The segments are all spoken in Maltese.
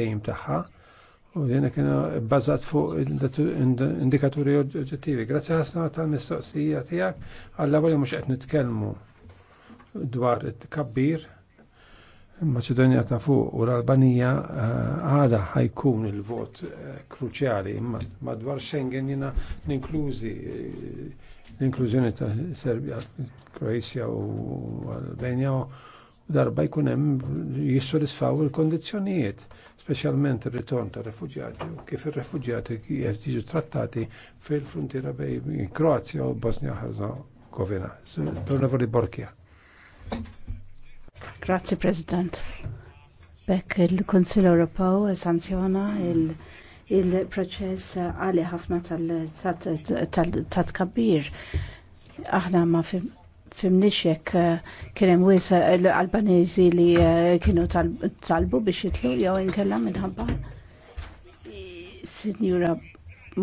dejjem tagħha u dina kienu bbażat fuq indikaturi oġġettivi. Grazzi ħafna tal-mistoqsija tiegħek għall-ewwel mhux qed nitkellmu dwar it-tkabbir Maċedonja ta' fuq u l-Albanija eh, għada ħajkun il-vot eh, kruċjali madwar Schengen jina ninklużi eh, l-inklużjoni ta' Serbia, Kroatja u u darba jkun hemm jissodisfaw il-kondizzjonijiet specialment il ritorn ta' refugjati, u kif il-refugjati kif jiġu trattati fil-frontiera bej Kroazja u Bosnia Herzegovina. L-Onorevoli Borkja. Grazzi President. Bekk il konsil Ewropew sanzjona il- il-proċess għali ħafna tal-tkabbir. tat Aħna ma fim fimniex jekk eh, kien hemm eh, l-Albaniżi li eh, kienu talbu biex jitlu jew inkella minħabba Signora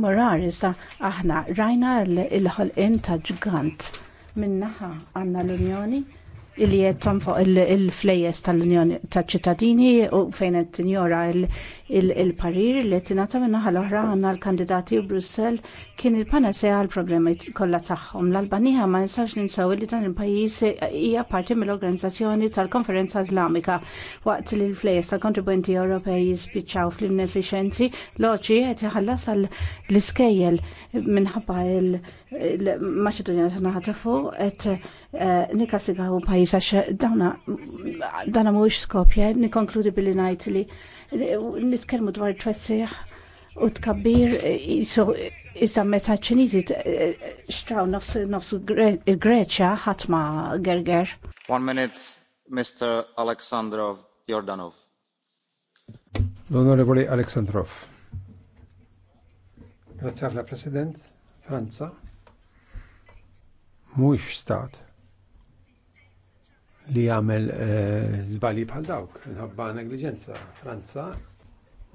Morales aħna rajna l-ħolqien ta' ġgant minnaħa għandna l-Unjoni li qed tanfoq il-flejjes tal-Unjoni tal-ċittadini u fejn qed tinjora il-parir li qed tingħata min-naħa l-oħra għandna l-kandidati u Brussell kien il-panasea għal problemi kollha tagħhom. L-Albanija ma nistax ninsew li dan il-pajjiż hija parti mill-Organizzazzjoni tal-Konferenza Islamika waqt li l-flejjes tal-kontribwenti Ewropej jispiċċaw fl-inefficienzi loċi qed iħallas l iskejjel minħabba il- maċedonja t-naħat fuq, et eh, nikasigaw pajisa xe dana mux skopje, nikonkludi billi najt li eh, nitkelmu dwar t-twessiħ u t-kabir jisa eh, meta ċinizi xtraw nofsu greċja ħatma gerger. One minute, Mr. Aleksandrov Jordanov. L-Onorevoli Aleksandrov. Grazie ħafna President. Franza Mhux stat li jagħmel eh, żbalji bħal dawk inħabba negliġenza. Franza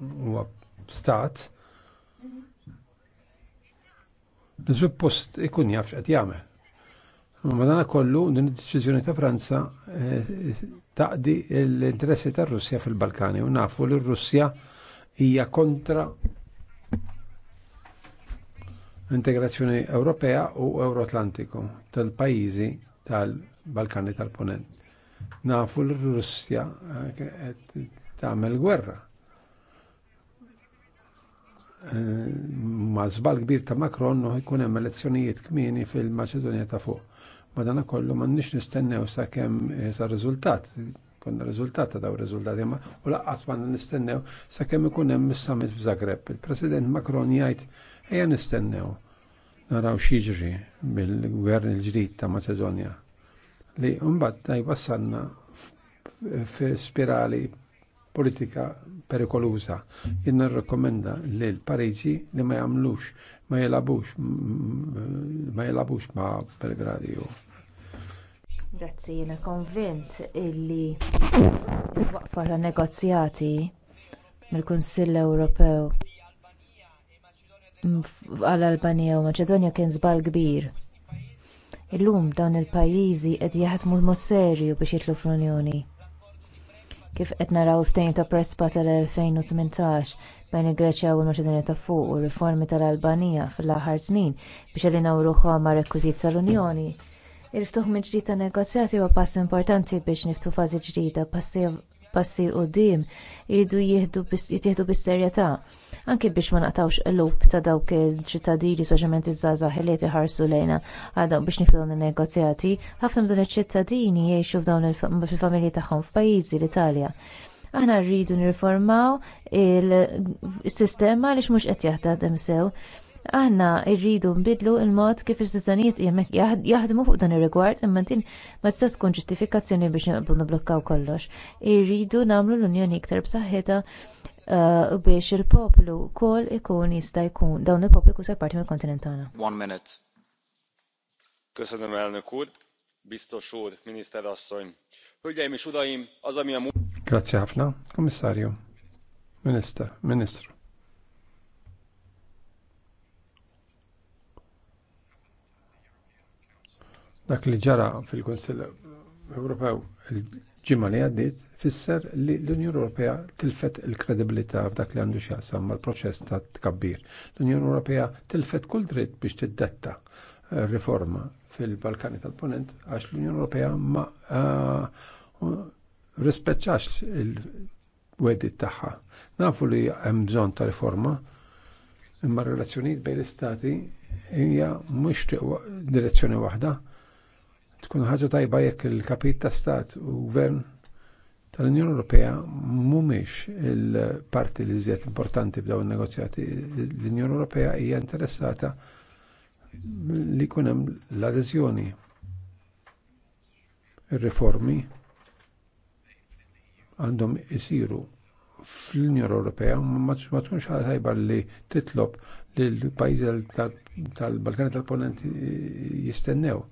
huwa stat suppost ikun jaf x'qed jagħmel. Madana kollu din id-deċiżjoni ta' Franza eh, taqdi l-interessi tar-Russja fil-Balkani u nafu li r-Russja hija kontra integrazzjoni Ewropea u Euroatlantiku tal-pajjiżi tal-Balkani tal-Ponent. Nafu l-Russja eh, qed tagħmel gwerra. Eh, ma żbal kbir ta' Macron no jkun hemm elezzjonijiet kmieni fil-Maċedonja ta' fuq. Ma Madana kollu m'għandniex nistennew sakemm eh, sa' riżultat konna rizultat ta' daw rizultati imma u laqqas ma nistennew sakemm ikun hemm is-summit f'Zagreb. Il-President Macron jgħid ejja nistennew naraw xieġri bil-gvern il-ġdid ta' Macedonia li mbagħad jwassalna f'spirali politika perikoluża. Jien rekomenda li l-Pariġi li ma jagħmlux, ma jelabux, ma jelabux ma' Belgradio. Grazzi, jiena konvint illi waqfa ta' negozjati mill-Kunsill Ewropew għal albanija u Maċedonja kien żball kbir. Illum dawn il-pajjiżi qed jaħdmu mod serju biex jidħlu fl-Unjoni. Kif qed naraw ftehim ta' Prespa tal-2018 bejn il-Greċja u l-Maċedonja ta' fuq u riformi tal-Albanija fl-aħħar snin biex elinaw ruħhom ma' rekwiżit tal-Unjoni. Il-ftuħ minn ġdid ta' negozjati huwa pass importanti biex niftu fażi ġdida, passi passi l-qoddim iridu jittieħdu bis-serjetà anke biex ma naqtawx l-lup ta' dawk il-ċittadini soċjament iż-żgħażagħ li qed iħarsu lejna għadha biex niftu dawn in-negozjati ħafna minn iċ-ċittadini jgħixu f'dawn il-familji tagħhom f'pajjiżi l-Italja aħna rridu nirriformaw is sistema għaliex mhux qed jaħdem sew aħna irridu nbidlu l mod kif istituzzjonijiet jaħdmu fuq dan ir-rigward imma din ma tista' tkun ġustifikazzjoni biex nibqgħu nibblukkaw kollox. Irridu nagħmlu l-Unjoni iktar b'saħħitha uh, biex il-poplu wkoll ikun jista' jkun dawn il-poplu jkun se parti mill-kontinent tagħna. One minute. Köszönöm elnök úr, biztos úr, miniszter asszony. Hölgyeim és uraim, az, ami a... Grazie ħafna, komissarju, minister, ministru Dak li ġara fil konsil Ewropew il-ġimgħa li għaddiet fisser li l-Unjoni Ewropea tilfet il-kredibilità f'dak li għandu x'jaqsam mal-proċess ta' tkabbir. L-Unjoni Ewropea tilfet kull dritt biex tiddetta eh, riforma fil-Balkani tal-Ponent għax l-Unjoni Ewropea ma eh, rispeċċax il-wedit tagħha. Nafu li hemm bżonn ta' riforma, imma r-relazzjonijiet bejn l-istati hija mhux direzzjoni waħda Tkun ħaġa tajba jekk il-kapit ta' stat u gvern tal-Unjoni Ewropea mhumiex il-parti li żjed importanti b'daw il-negozjati. L-Unjoni Ewropea hija interessata li jkun hemm l-adeżjoni ir-riformi għandhom isiru fl-Unjoni Ewropea ma tkunx tajba li titlob li l-pajjiżi tal-Balkani tal ponenti jistennew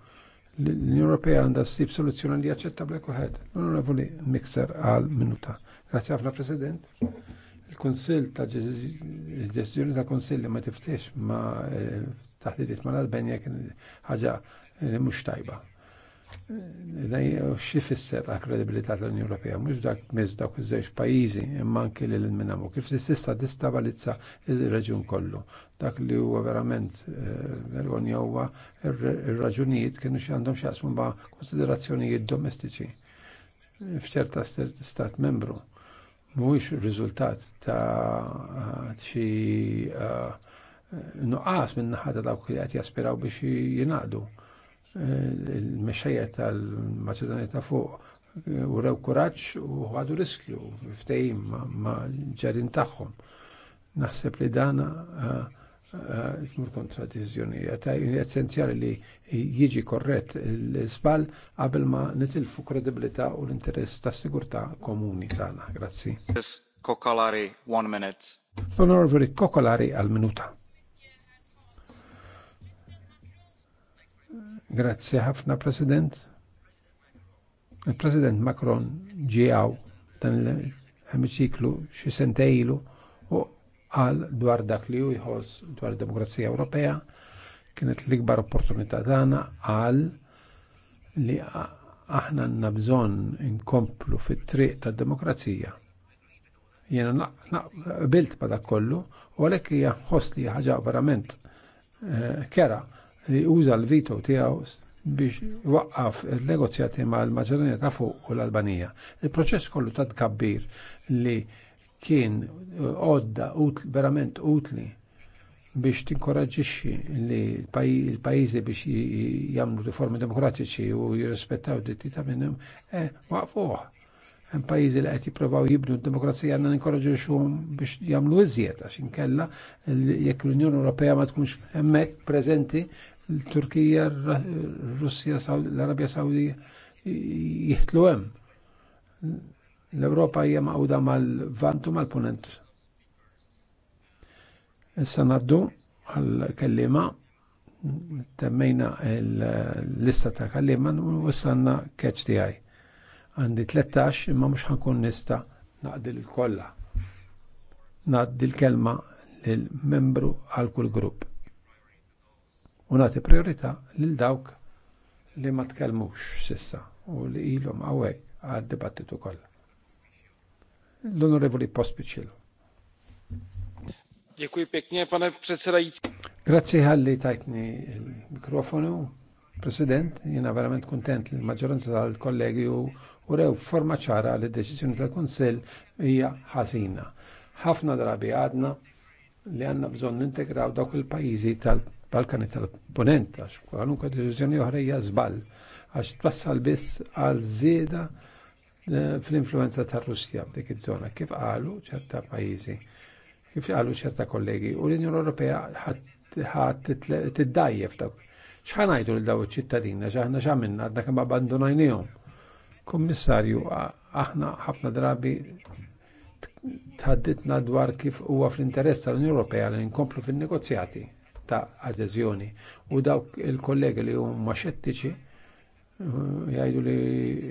L-Unjoni Ewropea għandha ssib soluzzjoni li jaċċettabbli kulħadd. L-Onorevoli Mixer għal minuta. Grazie ħafna President. Il-Kunsill ta' ġestjoni ta' Kunsilli ma tiftix ma eh, taħdidiet mal-Albenja kien ħaġa eh, mhux tajba xifisser għal kredibilità tal-Unjoni Ewropea, mhux dak mezz dak iż-żewġ pajjiżi imma anke lil minnamu kif tista' distabilizza il-reġjun kollu. Dak li huwa verament eh, vergonja huwa ir-raġunijiet kienu xi għandhom x'jaqsmu ba' konsiderazzjonijiet domestiċi f'ċerta stat membru. Mhuwiex riżultat ta' xi eh, nuqqas minn naħa ta' dawk li qed jaspiraw biex jingħaqdu Eh, il mexħajja tal-Maċedonja ta' fuq eh, u rew kuraċ u għadu riskju ftejim ma' ġerin tagħhom. Naħseb li dana eh, jmur kontra deċiżjoni essenzjali li jiġi korrett l-isbal qabel ma nitilfu kredibilità u l-interess ta' sigurtà komuni tagħna. Grazzi. Kokolari, one minute. L-Onorevoli Kokolari għal minuta. Grazzi ħafna, President. Il-President Macron ġiaw dan l-emiċiklu xi sentejlu u għal dwar dak li hu jħoss dwar demokrazija Ewropea kienet l-ikbar opportunità tagħna għal li aħna għandna bżonn inkomplu fit-triq tad-demokrazija. Jiena naqbilt ma dak kollu u għalhekk hija ħoss li ħaġa verament eh, kera Uża l-vito tiegħu biex waqqaf il-negozjati ma' l maġedonija ta' fuq u l-Albanija. Il-proċess kollu ta' tkabbir li kien eh, odda verament utli biex tinkoraġġixxi li l-pajjiżi biex jagħmlu riformi demokratiċi u jirrispettaw d-ditti ta' minnhom, eh, waqfuh. Hemm pajjiżi li qed jippruvaw jibnu d-demokrazija għandna ninkoraġġixhom biex jagħmlu iżjed għax inkella jekk l-Unjoni Ewropea ma tkunx hemmhekk preżenti l-Turkija, r russija l-Arabja Sawdi jihtlu hemm. L-Ewropa hija maqgħuda mal-Vantu mal-Punent. Issa naddu għal-kellima temmejna l-lista ta' kallima u wissanna catch the eye. Għandi 13 imma mhux ħankun nista naqdil il-kollha. Naqdil kelma lill membru għal kull grupp u nagħti priorità lil dawk li ma tkellmux sissa u li ilhom hawnhekk għad-dibattitu kollha. L-Onorevoli Pospiċil. Dziękuję pięknie, panie przewodniczący. Grazie ħalli tajtni mikrofonu President, jena verament kontent li l-maġġoranza tal-kollegi u rew forma ċara li d-deċizjoni tal-Konsil hija ħażina. Ħafna drabi għadna li għanna bżon nintegraw dawk il-pajjiżi tal Balkani tal-Ponent għax kwalunkwe deċiżjoni oħra hija żball għax twassal biss għal żieda eh, fl-influenza tar-Russja f'dik iż-żona kif qalu ċerta pajjiżi. Kif qalu ċerta kollegi u l-Unjoni Ewropea ħadd tiddajjef dawk. X'ħanajdu lil daw iċ-ċittadina x'aħna x'għamilna għadna kemm abbandonajnihom. Kummissarju, aħna ħafna drabi tħadditna dwar kif huwa fl-interess tal-Unjoni Ewropea li nkomplu fin-negozjati ta' adeżjoni. U dawk il-kollegi li huma xettiċi eh, jgħidu li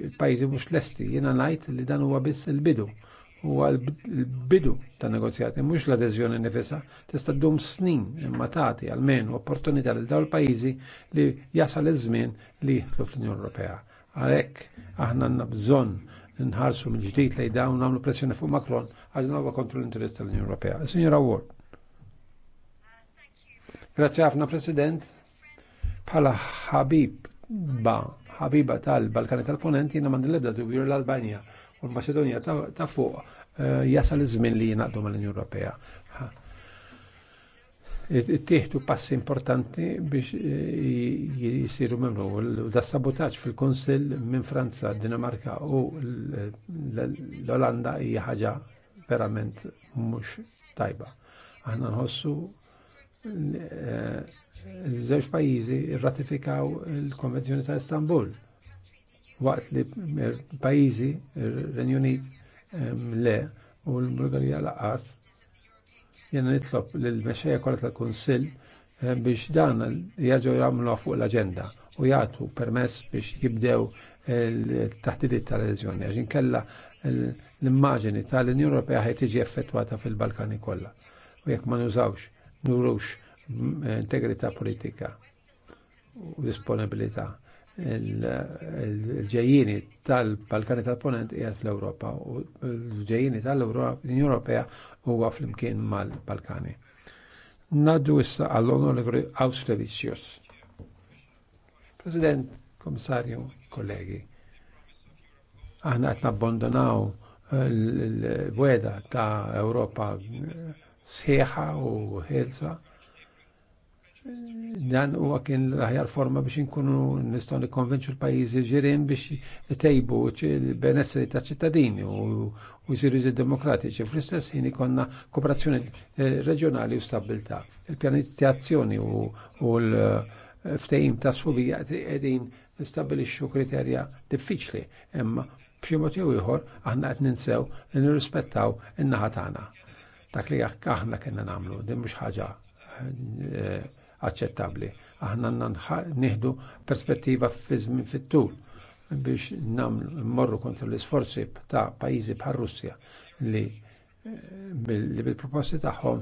l-pajjiżi mhux lesti, jiena ngħid li dan huwa biss il-bidu. Huwa l-bidu ta' negozjati, mhux l-adeżjoni nifisa, tista' ddum snin imma tagħti għalmen opportunità lil dawn il-pajjiżi li jasal iż-żmien li jidħlu fl-Unjoni Ewropea. Għalhekk aħna għandna bżonn nħarsu mill-ġdid lejn dawn nagħmlu pressjoni fuq Macron għal nova kontru l-interess tal-Unjoni Ewropea. Signora Ward. Grazie għafna, President. Pala ħabib ba ħabiba tal-Balkani tal ponenti jina mandi l-ebda dubju l albania u l macedonia ta' fuq eh, jasal iż-żmien li jingħaqdu mal-Unjoni Ewropea. Ittieħdu passi importanti biex eh, jisiru membru u da sabotaġġ fil konsil minn Franza, Dinamarka u l-Olanda hija ħaġa verament mhux tajba. Aħna nħossu żewġ pajjiżi rratifikaw il-Konvenzjoni ta' Istanbul. Waqt li pajjiżi Renju Unit le u l-Bulgarija laqas jenna nitlob l-mexxejja kollha tal-Kunsill biex dan jaġu jagħmluha fuq l-aġenda u jagħtu permess biex jibdew il-taħdidiet tal reżjoni għax inkella l-immaġini tal-Unjoni Ewropea ħaj tiġi effettwata fil-Balkani kollha. U jekk ma nużawx nurux integrità politika u disponibilità il-ġejjini tal-Balkani tal-Ponent jgħat fl europa u l-ġejjini tal-Unjoni Ewropea huwa fl-imkien mal-Balkani. Naddu issa għall-Onorevoli Austrevicius. President, Komissarju, kollegi, aħna qed nabbandonaw l-weda ta' Ewropa sħiħa u ħilsa. Dan huwa kien l-aħjar forma biex inkunu nistgħu nikkonvinċu l-pajjiżi ġirien biex tejbu l-benessri ta' ċittadini u jsiru demokratiċi. Fl-istess ħin ikonna kooperazzjoni eh, reġjonali u stabilità. Il-pjanizzazzjoni u l-ftehim ta' subija qegħdin nistabilixxu kriterja diffiċli, imma b'xi mod jew ieħor aħna qed ninsew li nirrispettaw in-naħa tagħna dak li aħna kena namlu, din mux ħaġa eh, eh, aċċettabbli. Aħna nieħdu perspettiva fizmin fit-tul biex namlu morru kontra l-isforzi ta' pajizi bħal Russja eh, li bil-proposti tagħhom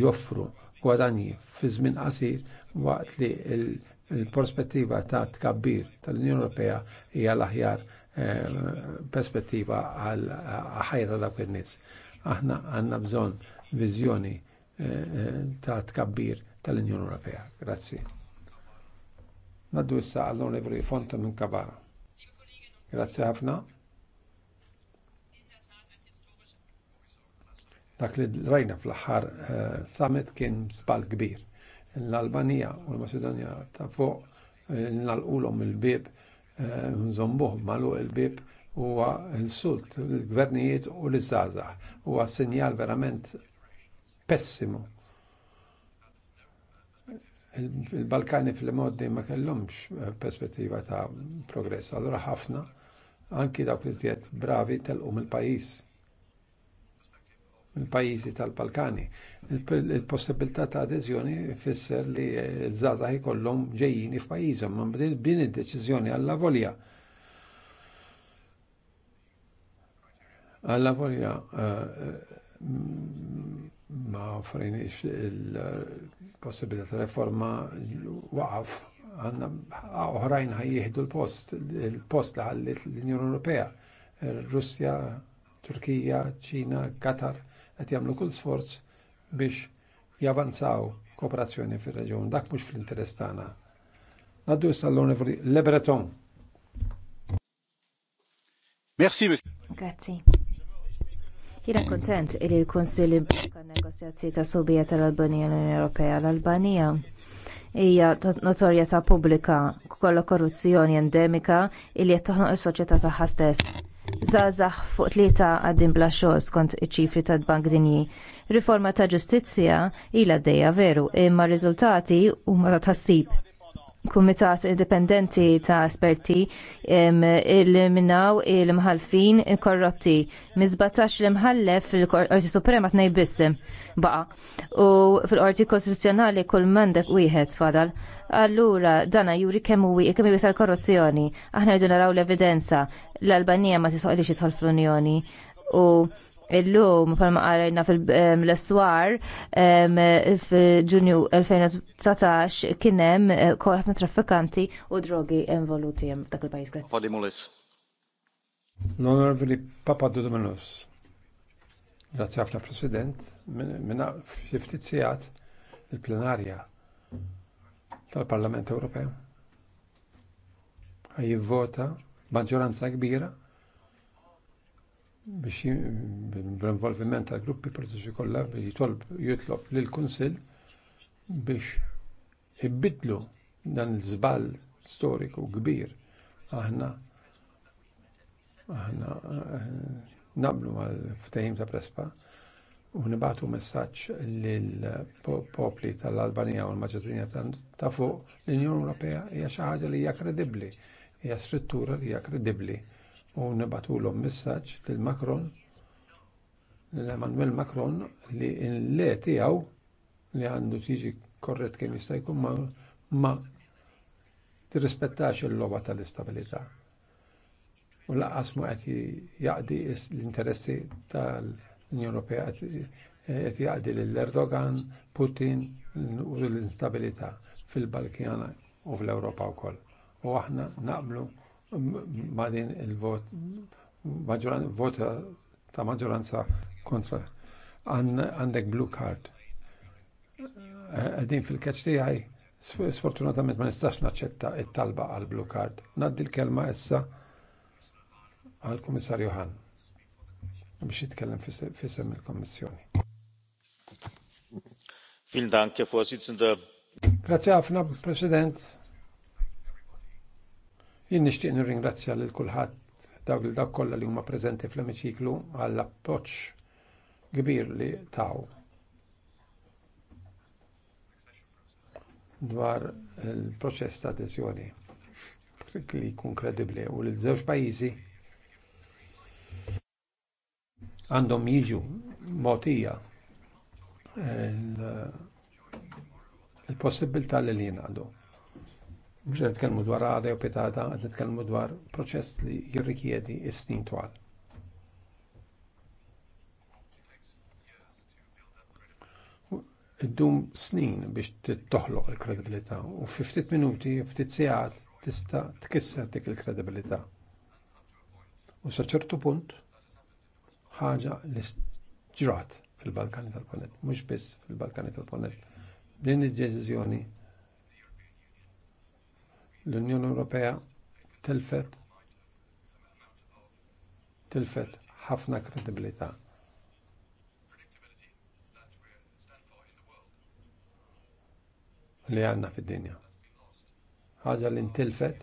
joffru gwadanji fi żmien qasir waqt li il-prospettiva ta' tkabbir tal-Unjoni Ewropea hija l-aħjar perspettiva għal ħajja ta' dawk in-nies. Aħna għanna bżon vizjoni eh, eh, ta' tkabbir tal-Unjoni Ewropea. Grazzi. Naddu issa għall evri Fonta minn Kabara. Grazzi ħafna. Dak li rajna fl ħar eh, summit kien sbal kbir. L-Albanija u l-Macedonia ta' fuq nalqulhom il-bib nżombuh malu il-bib huwa insult l-gvernijiet u l-żgħażagħ. Huwa sinjal verament pessimu. Il-Balkani fil-modi ma kellhomx eh, perspettiva ta' progress, allura ħafna anki dawk li żjed bravi telqu mill-pajjiż il pajjiżi tal-Balkani. Il-possibilità ta' adeżjoni fisser li l eh, żgħażagħ ikollhom ġejjini f'pajjiżhom, ma' din id-deċiżjoni għall volja Alla volja eh, ma offrinix il-possibilità reforma waqaf għanna oħrajn ħajjieħdu l-post, il-post għallit l-Unjoni Ewropea, Russja, Turkija, Ċina, Qatar, għet jamlu kull sforz biex javanzaw kooperazzjoni fil reġjun dak mhux fl-interess tagħna. Naddu sal-Onorevoli Le Breton. Merci, Grazie. Jiena kuntent li l-Kunsill imblokka n-negozjazzi ta' subija tal-Albanija l-Unjoni Ewropea l-Albanija hija notorjetà pubblika kollha korruzzjoni endemika li qed toħnoq is-soċjetà tagħha stess. Żgħażagħ fuq tlieta għaddin bla xogħol skont iċ-ċifri tad bank Dinji. Riforma ta' ġustizzja ilha għaddejja veru, imma r riżultati huma ta' tassib kumitat indipendenti ta' esperti il-minaw il-mħalfin korrotti. Mizbatax l-imħallef fil-Qorti Suprema tnej bissim baqa. U fil-Qorti Kostituzzjonali kull mandek wieħed fadal. Allura, dana juri kemm huwi kemm huwi korruzzjoni. Aħna jdu naraw l-evidenza. L-Albanija ma t xi tħol fl-Unjoni. U illum ma għarajna fil-eswar fil-ġunju 2019 kienem eh, kol ħafna traffikanti u drogi involuti jem dak il-pajis Grezz. Fadimulis. L-onorvili Papa Dudomenos. Grazzi ħafna President. Minna fiftizijat il-plenarja tal-Parlament Ewropew. Ħaj maġġoranza kbira biex bl-involviment tal gruppi politiċi kollha li jitlob lil kunsill biex ibidlu dan l żball storiku kbir aħna aħna eh, nablu għal ftehim ta' prespa u nibatu messaġġ lil popli tal-Albanija u l-Maċedonija ta' fuq l-Unjoni Ewropea hija xi ħaġa li hija kredibbli, hija struttura li hija kredibbli u nibatulhom messaġġ lil Macron l-Emmanuel Macron li l-le tiegħu li għandu tiġi korret kemm jista' jkun ma, ma tirrispettax il-logħba tal-istabilità. U laqas ma qed jaqdi l-interessi tal-Unjoni Ewropea qed jaqdi lil Erdogan, Putin u l-instabilità fil-Balkjana u fl-Ewropa wkoll. U aħna naqblu ma' din il-vot vota ta' maġoranza kontra għandek blue card. Għedin fil-catch li għaj, sfortunatament ma nistax naċċetta it-talba għal blue card. Naddi l-kelma issa għal komissar Hahn biex jitkellem fissem il-Kommissjoni. fil Dank, Herr Vorsitzender. Grazie ħafna, President. Jien nixtieq nirringrazzja lil kulħadd dawk il dawk kollha li huma preżenti fl-emiċiklu għall appoġġ kbir li taw. dwar il-proċess ta' adeżjoni li jkun kredibbli u lil żewġ pajjiżi għandhom jiġu mogħtija il-possibilità li li għandhom. Mhux qed nitkellmu dwar għada jew pitata, qed nitkellmu dwar proċess li jirrikjedi s-snin twal. Iddum snin biex toħloq il-kredibilità u fi ftit minuti, ftit sigħat tista' tkisser dik il-kredibilità. U sa ċertu punt ħaġa li ġrat fil-Balkani tal-Ponent, mhux biss fil-Balkani tal-Ponent. Din id-deċiżjoni L-Unjoni Ewropea tilfet tilfet ħafna kredibilità. li għanna fid-dinja. ħaġa li ntilfet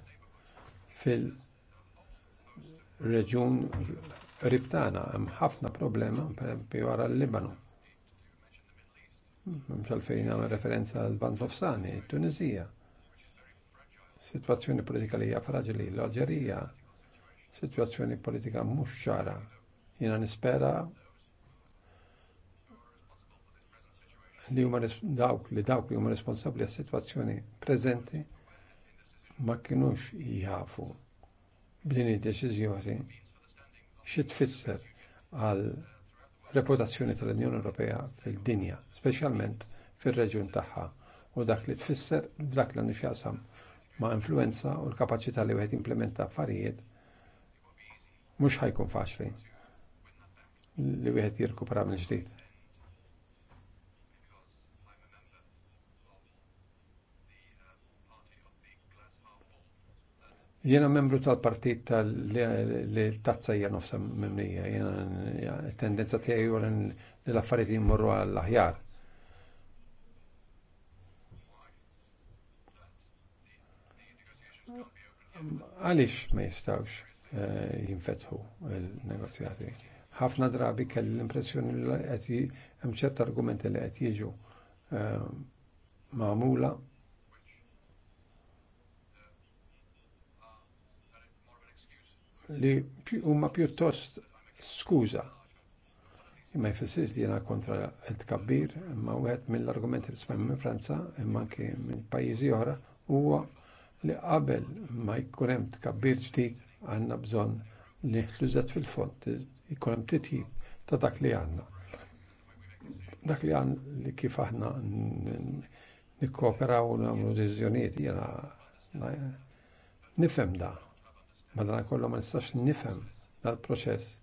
fil-reġun ribtana, hemm ħafna problema, per wara l-Libanu. Mx għalfejn għam referenza għal Bantofsani, Tunizija. Situazzjoni politika li hija fraġili l-Alġerija, situazzjoni politika mhux ċara. Jiena nispera li huma dawk li dawk li huma responsabbli għas-sitwazzjoni preżenti ma kinux jafu b'din id-deċiżjoni xi tfisser għal reputazzjoni tal-Unjoni Ewropea fil-dinja, speċjalment fir-reġjun tagħha u dak li tfisser b'dak li għandu x'jaqsam ma' influenza u l kapacità li wieħed implementa affarijiet mhux ħajkun faċli li wieħed jirkupra minn ġdid. Jena membru tal-partit li tazza hija nofsa mimlija, jena tendenza tiegħi u l affariet jimmorru għall ħjar għalix ma jistawx eh, jinfetħu il-negozjati? Ħafna drabi kelli l-impressjoni li qed hemm ċert argumenti li qed jiġu eh, magħmula li huma pjuttost skuża imma jfissirx li jena kontra l-tkabbir, imma wieħed mill-argumenti li smajmu minn Franza, imma anke minn pajjiżi oħra, huwa li qabel ma jkun hemm tkabbir ġdid għandna bżonn li ħlużet fil-fond jkun hemm titjib ta' dak li għandna. Dak li għandna li kif aħna nikkooperaw u nagħmlu deċiżjonijiet jiena nifhem da. Madankollu ma nistax nifhem dal-proċess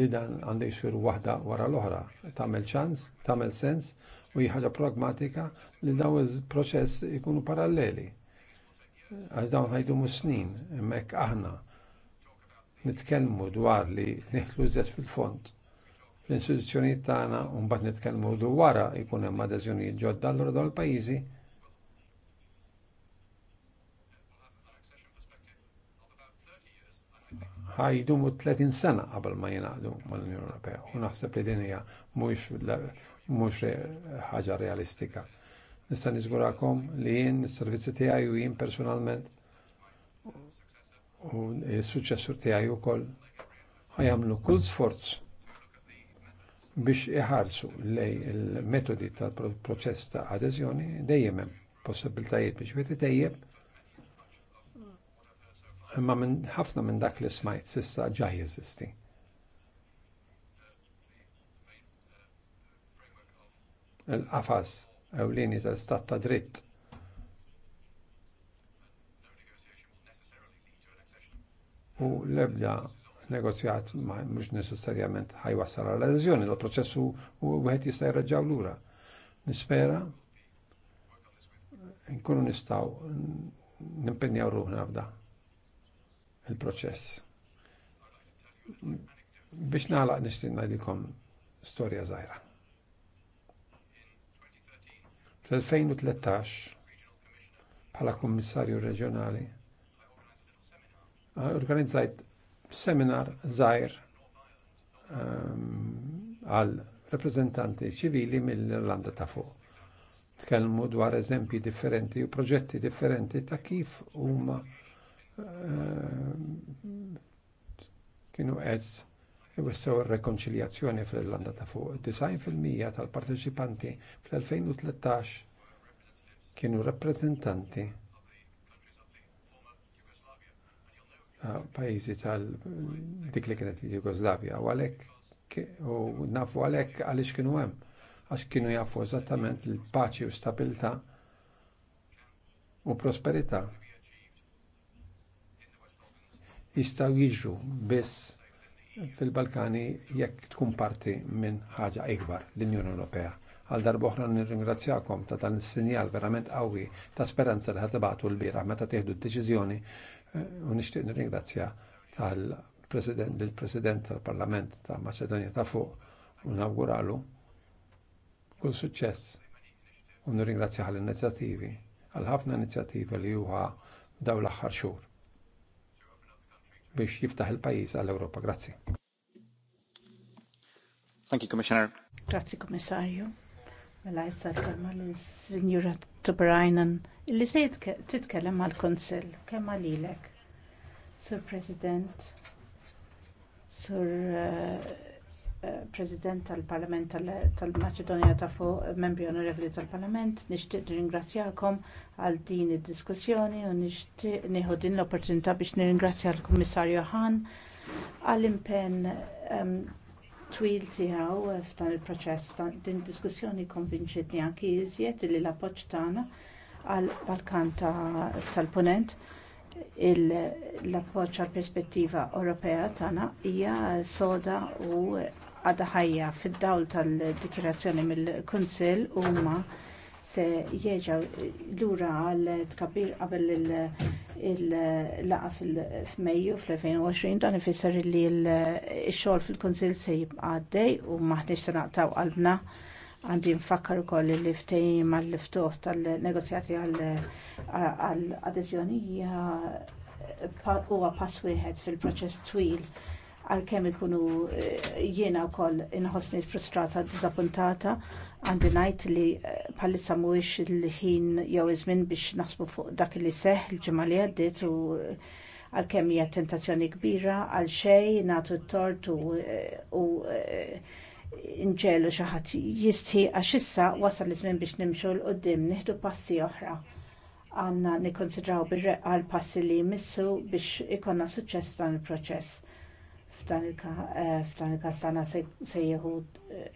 li dan għandu jisir waħda wara l-oħra. Tamel ċans, tamel sens u ħaġa pragmatika li daw il-proċess ikunu paralleli. Għax dawn ħajdu mus snin, mek aħna nitkellmu dwar li neħlu żed fil-fond fl-istituzzjonijiet tagħna u mbagħad nitkellmu dwar wara jkun hemm adeżjonijiet ġodda allura dawn il-pajjiżi ħajdumu 30 sena qabel ma jingħaqdu mal-Unjoni Ewropea u naħseb li din hija mhuwiex mhux ħaġa realistika. Nista' niżgurakom li jien is-servizzi tiegħi u jien personalment u s-suċessur tiegħi wkoll ħajamlu kull sforz biex iħarsu lej il-metodi tal-proċess ta' adeżjoni dejjem hemm possibbiltajiet biex wieħed itejjeb. Imma minn ħafna minn dak li smajt sissa ġaj jeżisti. il-qafas ewlieni tal-istat ta' dritt u l-ebda negozjat mhux neċessarjament ħajwassal għal eżjoni l proċessu u wieħed jista' jerġgħu lura. Nispera nkunu nistgħu nimpenjaw ruħna f'da il-proċess. Biex naħlaq nixtieq ngħidilkom storja żgħira. Fl-2013 bħala kummissarju reġjonali organizzajt seminar żgħir ehm, għal rappreżentanti ċivili mill-Irlanda ta' fuq. Tkellmu dwar eżempji differenti u proġetti differenti ta' kif huma ehm, kienu qed iwessew ir-rekonċiljazzjoni fl-Irlanda ta' fuq. id 90% tal-parteċipanti fl-2013 kienu rappreżentanti pajjiżi tal dik li kienet Jugoslavja u nafu għalhekk għaliex kienu hemm għax kienu jafu eżattament il-paċi u stabilità u prosperità jistgħu jiġu biss fil-Balkani jekk tkun parti minn ħaġa ikbar l-Unjoni Ewropea. Għal darboħra nirringrazzjakom ta' dan is-sinjal verament qawwi ta' speranza li ħatibatu l-bira meta tieħdu d-deċiżjoni eh, u nixtieq nirringrazzja tal-President lill-President tal-Parlament ta' Maċedonja ta' fuq u nawguralu kull suċċess u nirringrazzja għall-inizjattivi għal ħafna inizjattivi li huwa daw l-aħħar xhur biex jiftaħ il-pajjiż għal ewropa Grazzi. Thank you, Commissioner. Grazzi, Kommissarju. Mela jessa l-kelma l signora Tubrajnan illi se titkellem għal konsil kemm għalilek. Sur President, Sur eh, President tal-Parlament tal-Maċedonja ta' fuq membri onorevoli tal-Parlament, nixtieq nirringrazzjakom għal din id-diskussjoni u nixtieq nieħu din l-opportunità biex nirringrazzja l-Kummissarju Hahn għall-impenn ehm, twil tiegħu f'dan il-proċess din diskussjoni konvinċitni anki iżjed li l-appoġġ tagħna għall-Balkan tal-Punent l-appoġġ għall perspettiva Ewropea tagħna hija soda u għadha ħajja fid-dawl tad-dikjarazzjoni mill-kunsill huma se jerġgħu lura għal tkabbir qabel il laqgħa f'Mejju fl-2020 dan ifisser li x-xogħol fil-kunsill se jibqa' għaddej u maħniex se naqtaw qalbna għandi nfakkar ukoll li ftehim mal ftuħ tal-negozjati għall adeżjoni huwa pass wieħed fil-proċess twil għalkemm ikunu eh, jiena wkoll inħossni frustrata dizappuntata għandi ngħid li eh, bħalissa mhuwiex il-ħin jew iż-żmien biex naħsbu fuq dak li seħ il-ġimgħa li għaddiet u eh, għalkemm hija tentazzjoni kbira għal xejn nagħtu t-tort u nġelu xi ħadd għaxissa għax issa wasal iż-żmien biex nimxu l qoddim nieħdu passi oħra għandna nikkonsidraw bir-reqqa l-passi li jmissu biex ikonna suċċess dan il-proċess f'dan il eh, kastana tagħna se jieħu eh,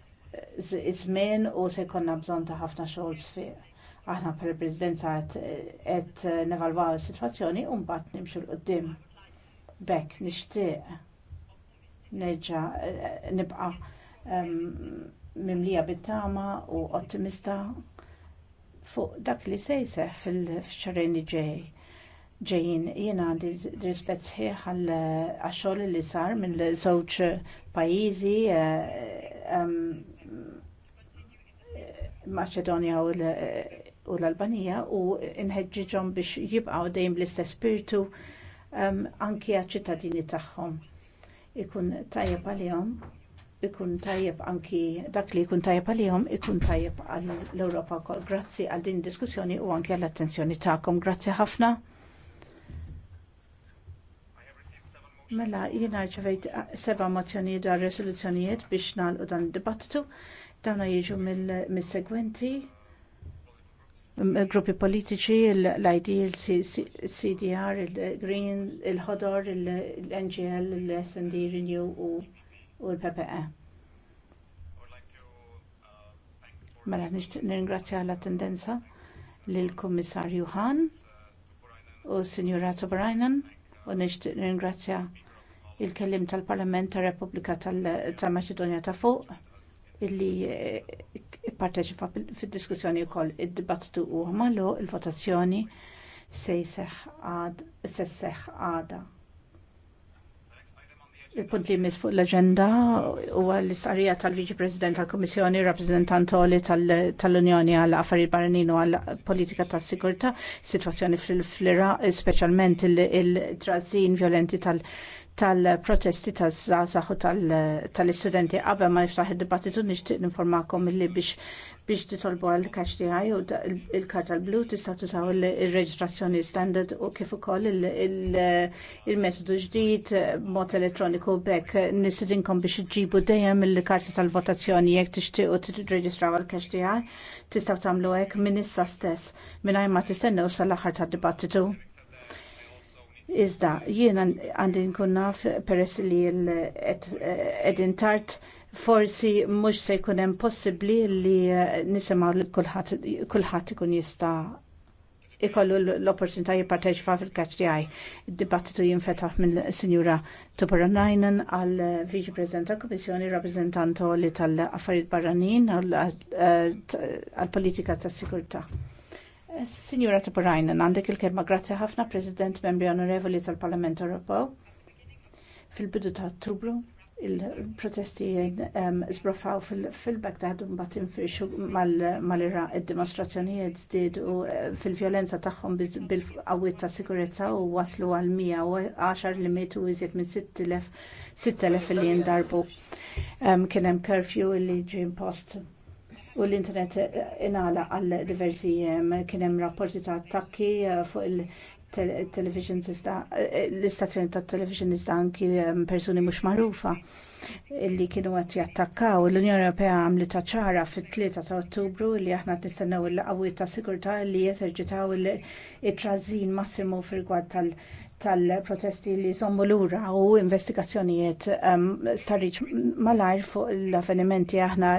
żmien u se jkollna bżonn ta' ħafna xogħol sfiq aħna per presidenza qed nevalwaw is-sitwazzjoni u mbagħad nimxu l qudiem B'hekk nixtieq nerġa' eh, nibqa' ehm, mimlija bit-tama u ottimista fuq dak li se jseħħ fil-xarrejn li ġej ġejjin jiena għandi rispett sħiħ għax-xogħol li sar mill-żewġ pajjiżi eh, Maċedonja u l-Albanija u nħeġġiġhom biex jibqgħu dejjem bl-istess spiritu anki għaċ-ċittadini tagħhom. Ikun tajjeb għalihom, ikun tajjeb anki dak li jkun tajjeb għalihom, ikun tajjeb għall-Ewropa wkoll. Grazzi għal din id diskussjoni u anki għall-attenzjoni tagħkom. Grazzi ħafna. Mela, jiena ċevejt seba mozzjonijiet da resoluzzjonijiet biex u dan id-dibattitu. Dawna jiġu mill-segwenti gruppi politiċi, l-ID, il-CDR, il-Green, il-Ħodor, il-NGL, il-SND, Renew u l-PPE. Mela, nirringrazzja l-attendenza lill kummissarju Han u Signora Tobarajnan. Tobrajnan u nixtieq ringrazzja l kellim tal-Parlament tar-Repubblika tal-Maċedonja ta' fuq illi eh, ipparteċipa fid-diskussjoni wkoll id-dibattitu u għamalu il-votazzjoni se jseħħ għada Il-punt li jmiss fuq l-agenda huwa l istarija tal-Viċi President tal-Kummissjoni rappresentant oli tal-Unjoni għal affarijiet barranin u għal politika tas-sigurtà, sitwazzjoni fil-flira, speċjalment il-trażin violenti tal- tal-protesti taż zazax u tal-istudenti qabel ma niftaħ id-dibattitu nixtieq ninformakom li biex biex titolbu għal kaċ tiegħi u il-karta l-blu tista' tużaw il-reġistrazzjoni standard u kif ukoll il-metodu ġdid mod elettroniku bekk nisidinkom biex iġibu dejjem il-karti tal-votazzjoni jekk tixtiequ tirreġistraw għal kaċ tiegħi tistgħu tagħmlu hekk minn issa stess mingħajr ma tistennew sal-aħħar tad-dibattitu. Iżda, jiena għandi nkun naf peress li qegħdin tard forsi mhux se jkun hemm possibbli li nisimgħu li kulħadd ikun jista' ikollu l-opportunità jipparteċipa fil-kaċ tiegħi. Id-dibattitu jinfetaħ mill-Sinjura Tuporanajnen għal Viċi President tal-Kummissjoni Rappreżentant li tal-Affarijiet Barranin għal eh, politika tas-Sikurtà. Eh, Sinjura Tuporanajnen, għandek il-kelma grazzi ħafna President Membri Onorevoli tal-Parlament Ewropew fil-bidu ta' Trubru il protesti sbroffaw um, fil-Baghdad u mbagħad infirxu mal-Iraq id-dimostrazzjonijiet żdiedu eh, fil-vjolenza tagħhom bil-qawwiet ta' sikurezza u waslu għal 110 li mietu iżjed minn 6000 li ndarbu. Um, kien hemm curfew li ġie impost u l-internet eh, inala għal diversi eh, kien hemm rapporti ta' attakki fuq il- television eh, eh, l-istazzjoni tat television iżda anki ehm, persuni mhux magħrufa illi kienu qed jattakkaw l-Unjoni Ewropea għamlet ċara fit-3 ta' Ottubru li aħna nistennew il-qawwiet ta' sigurtà li jeżerġitaw it-trażin massimu fil-gwad tal- tal-protesti li sommu lura u investigazzjonijiet um, malajr fuq l-avvenimenti aħna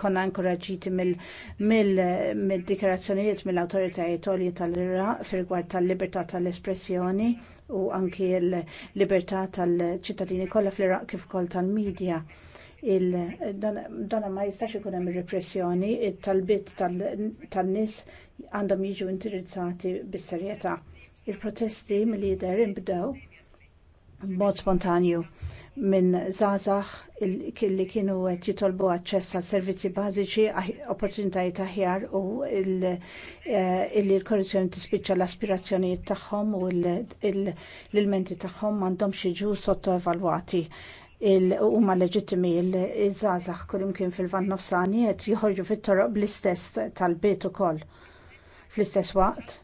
konna inkoraġiti mill-dikarazzjonijiet mill dikarazzjonijiet mill autoritajiet olji tal-Iraq fil-gwar tal-libertà tal-espressjoni u anki l-libertà tal-ċittadini kollha fl-Iraq kif ukoll tal-medja dan ma jistax ikun hemm repressjoni it-talbiet tan-nies għandhom jiġu intirizzati bis-serjetà. Il-protesti mill-lider inbdew b'mod spontanju minn zazax li kienu qed jitolbu aċċess għal servizzi bażiċi, opportunitajiet aħjar u eh, illi l-korruzzjoni tispiċċa l-aspirazzjonijiet tagħhom u l-ilmenti tagħhom m'għandhomx jiġu sottoevalwati huma leġittimi l-żgħażagħ kullimkien fil-van nofsani qed joħorġu fit-toroq bl-istess tal-bit ukoll. Fl-istess waqt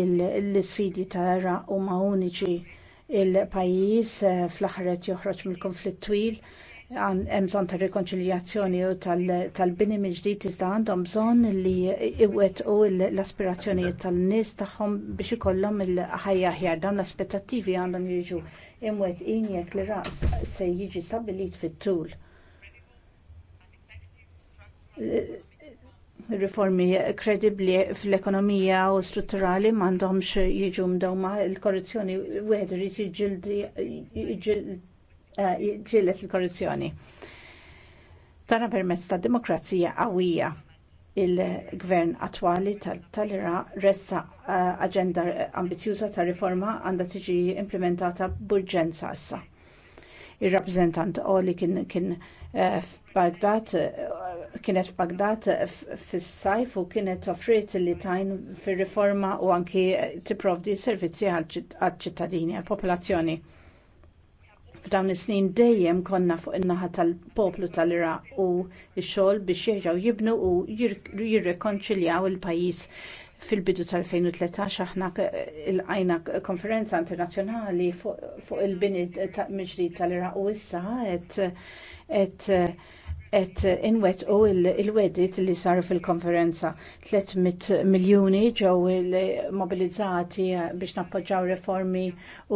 l isfidi ta' era huma uniċi il-pajjiż eh, fl-aħħar qed joħroġ mill-konflitt twil hemm bżonn ta' rikonċiljazzjoni u tal-bini mill-ġdid iżda għandhom bżonn li iwettqu l-aspirazzjonijiet tan-nies tagħhom biex ikollhom il-ħajja aħjar dawn l-aspettattivi għandhom jiġu imwettqin jekk li raqs se jiġi stabbilit fit-tul riformi kredibbli fl-ekonomija u strutturali m'għandhomx jiġu mdawma l-korruzzjoni wieħed irid eh, jiġġieled il-korruzzjoni. Tana permezz tad demokrazija qawwija il-gvern attwali tal ira ressa eh, aġenda ambizjuża ta' riforma għandha tiġi implementata b'urġenza issa. Ir-rappreżentant Oli kien kien eh, f'Baghdad kienet f'Bagdad fis-sajf u kienet offrit li tajn fir-riforma u anki tipprovdi servizzi għal-ċittadini għall-popolazzjoni. F'dawn is-snin dejjem konna fuq in-naħa tal-poplu tal-Iraq u x-xogħol biex jerġgħu jibnu u jirrikonċiljaw il-pajjiż fil-bidu tal-2013 aħna il-għajna konferenza internazzjonali fuq il-bini mill-ġdid tal-Iraq u issa qed qed inwettqu il-wedit li saru fil-konferenza 300 miljuni ġew mobilizzati eh, biex nappoġġaw riformi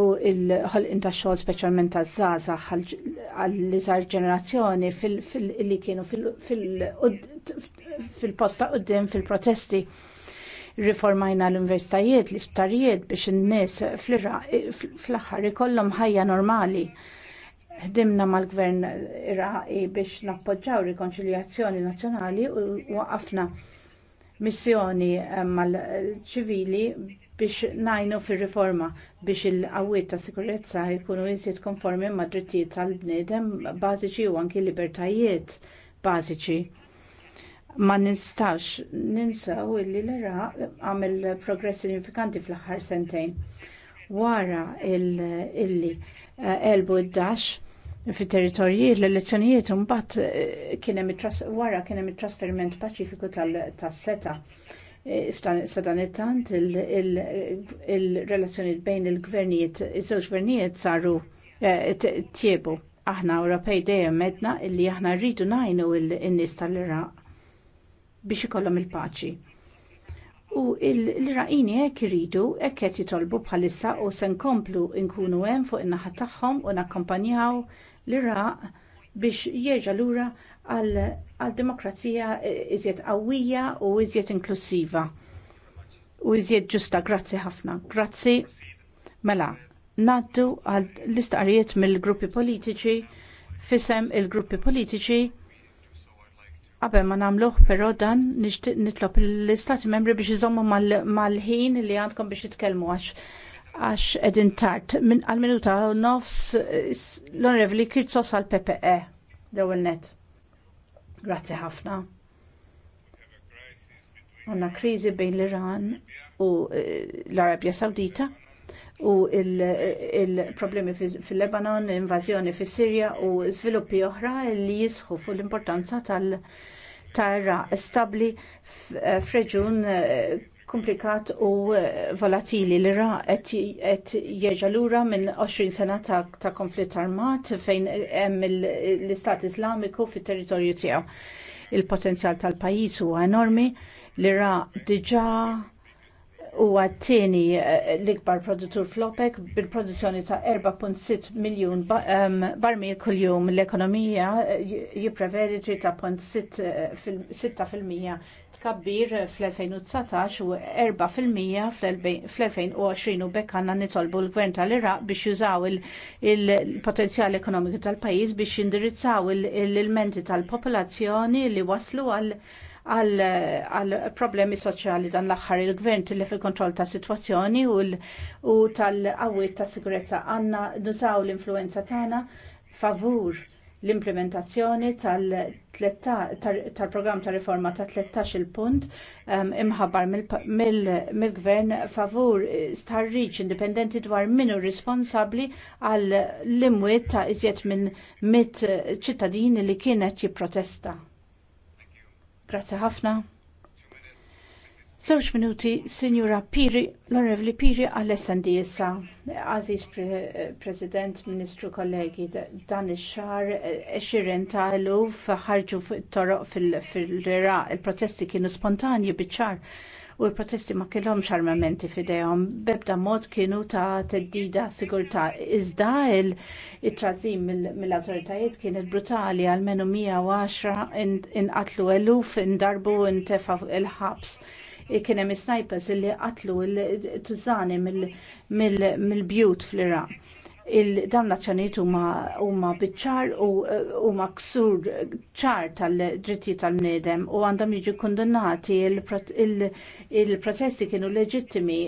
u l-ħolqien tax-xogħol speċjalment taż-żgħażagħ għall-iżgħar ġenerazzjoni li kienu fil-posta quddiem fil-protesti riformajna l-universitajiet, l-isptarijiet biex in-nies fl-aħħar ikollhom ħajja normali ħdimna mal-gvern iraqi biex nappoġġaw rikonċiljazzjoni nazzjonali u waqafna missjoni eh, mal-ċivili biex najnu fir-riforma biex il qawiet ta' sikurezza jkunu iżjed konformi mad drittijiet tal-bniedem bażiċi u anki libertajiet bażiċi. Ma nistax ninsaw illi l-Iraq għamel progress sinifikanti fl-aħħar sentejn wara illi eh, elbu id-dax fit-territorji l-elezzjonijiet imbagħad eh, kien hemm wara kien hemm it-trasferiment paċifiku tas-seta. Eh, f'dan it-tant il-relazzjonijiet bejn il-gvernijiet, iż-żewġ gvernijiet saru eh, tiebu. Aħna Ewropej dejjem medna li aħna rridu ngħinu n-nies tal-Iraq biex ikollhom il-paċi. U l-Iraqini hekk iridu hekk qed jitolbu bħalissa u se nkomplu nkunu hemm fuq in-naħa tagħhom u nakkompanjaw l-Iraq biex jerġa' lura għal demokrazija iżjed qawwija u iżjed inklusiva u iżjed ġusta. Grazzi ħafna. Grazzi. Mela, ngħaddu għal l-istqarijiet mill-gruppi politiċi fisem il-gruppi politiċi Qabel ma nagħmluh però dan nixtieq nitlob l-istati membri biex iżommu mal-ħin li għandkom biex jitkelmu għax għax edin tart. Għal-minuta nofs l-onrevli kirtsos għal-PPE, daw net Grazie ħafna. Għanna krizi bejn l-Iran u eh, l-Arabja Saudita u il-problemi fil-Lebanon, invażjoni fis-Sirja u sviluppi oħra li jisħu fuq l-importanza tal- ta' stabli eh, f'reġun eh, komplikat u eh, volatili li ra qed jerġa' lura minn 20 sena ta', konflitt armat fejn hemm l-Istat Islamiku fit-territorju tiegħu. Il-potenzjal tal-pajjiż huwa enormi li ra diġà huwa t-tieni eh, l-ikbar produttur flopek bil-produzzjoni ta' 4.6 miljun barmil kuljum l-ekonomija eh, jipprevedi 3.6 fil-mija tkabbir fl-2019 u 4% fl-2020 u bekk għandna nitolbu l-gvern tal-Iraq biex jużaw il-potenzjal ekonomiku tal-pajjiż biex jindirizzaw l-ilmenti tal-popolazzjoni li waslu għal għal problemi soċjali dan l-axħar il-gvern tilef il-kontroll ta' situazzjoni u tal-għawit ta' sigurezza għanna nużaw l-influenza tagħna favur l-implementazzjoni tal-programm ta' riforma ta' 13-il punt imħabbar mill-gvern favur eh, starriċ indipendenti dwar min hu responsabbli għal l-imwiet ta' iżjed minn mit ċittadini li kienet jipprotesta. Grazzi ħafna. Żewġ minuti, Sinjura Piri, l onorevli Piri għall-SND issa. Aziz pre President, Ministru, kollegi, dan ix-xar 20 eh, ta' eluf ħarġu toroq fil rera Il-protesti kienu spontanji biċ-ċar u l-protesti ma kellhomx armamenti f'idejhom b'ebda mod kienu ta' teddida sigurtà iżda il-trażim mill-awtoritajiet kienet brutali għal-menu 110 inqatlu eluf in intefa' il-ħabs kien hemm snipers illi qatlu l-tużani mill-bjut fl-Iraq. Dawn l-azzjonijiet huma biċ-ċar u eh, huma ksur ċar tal-drittijiet tal-bniedem u għandhom jiġu kundannati il-protesti kienu leġittimi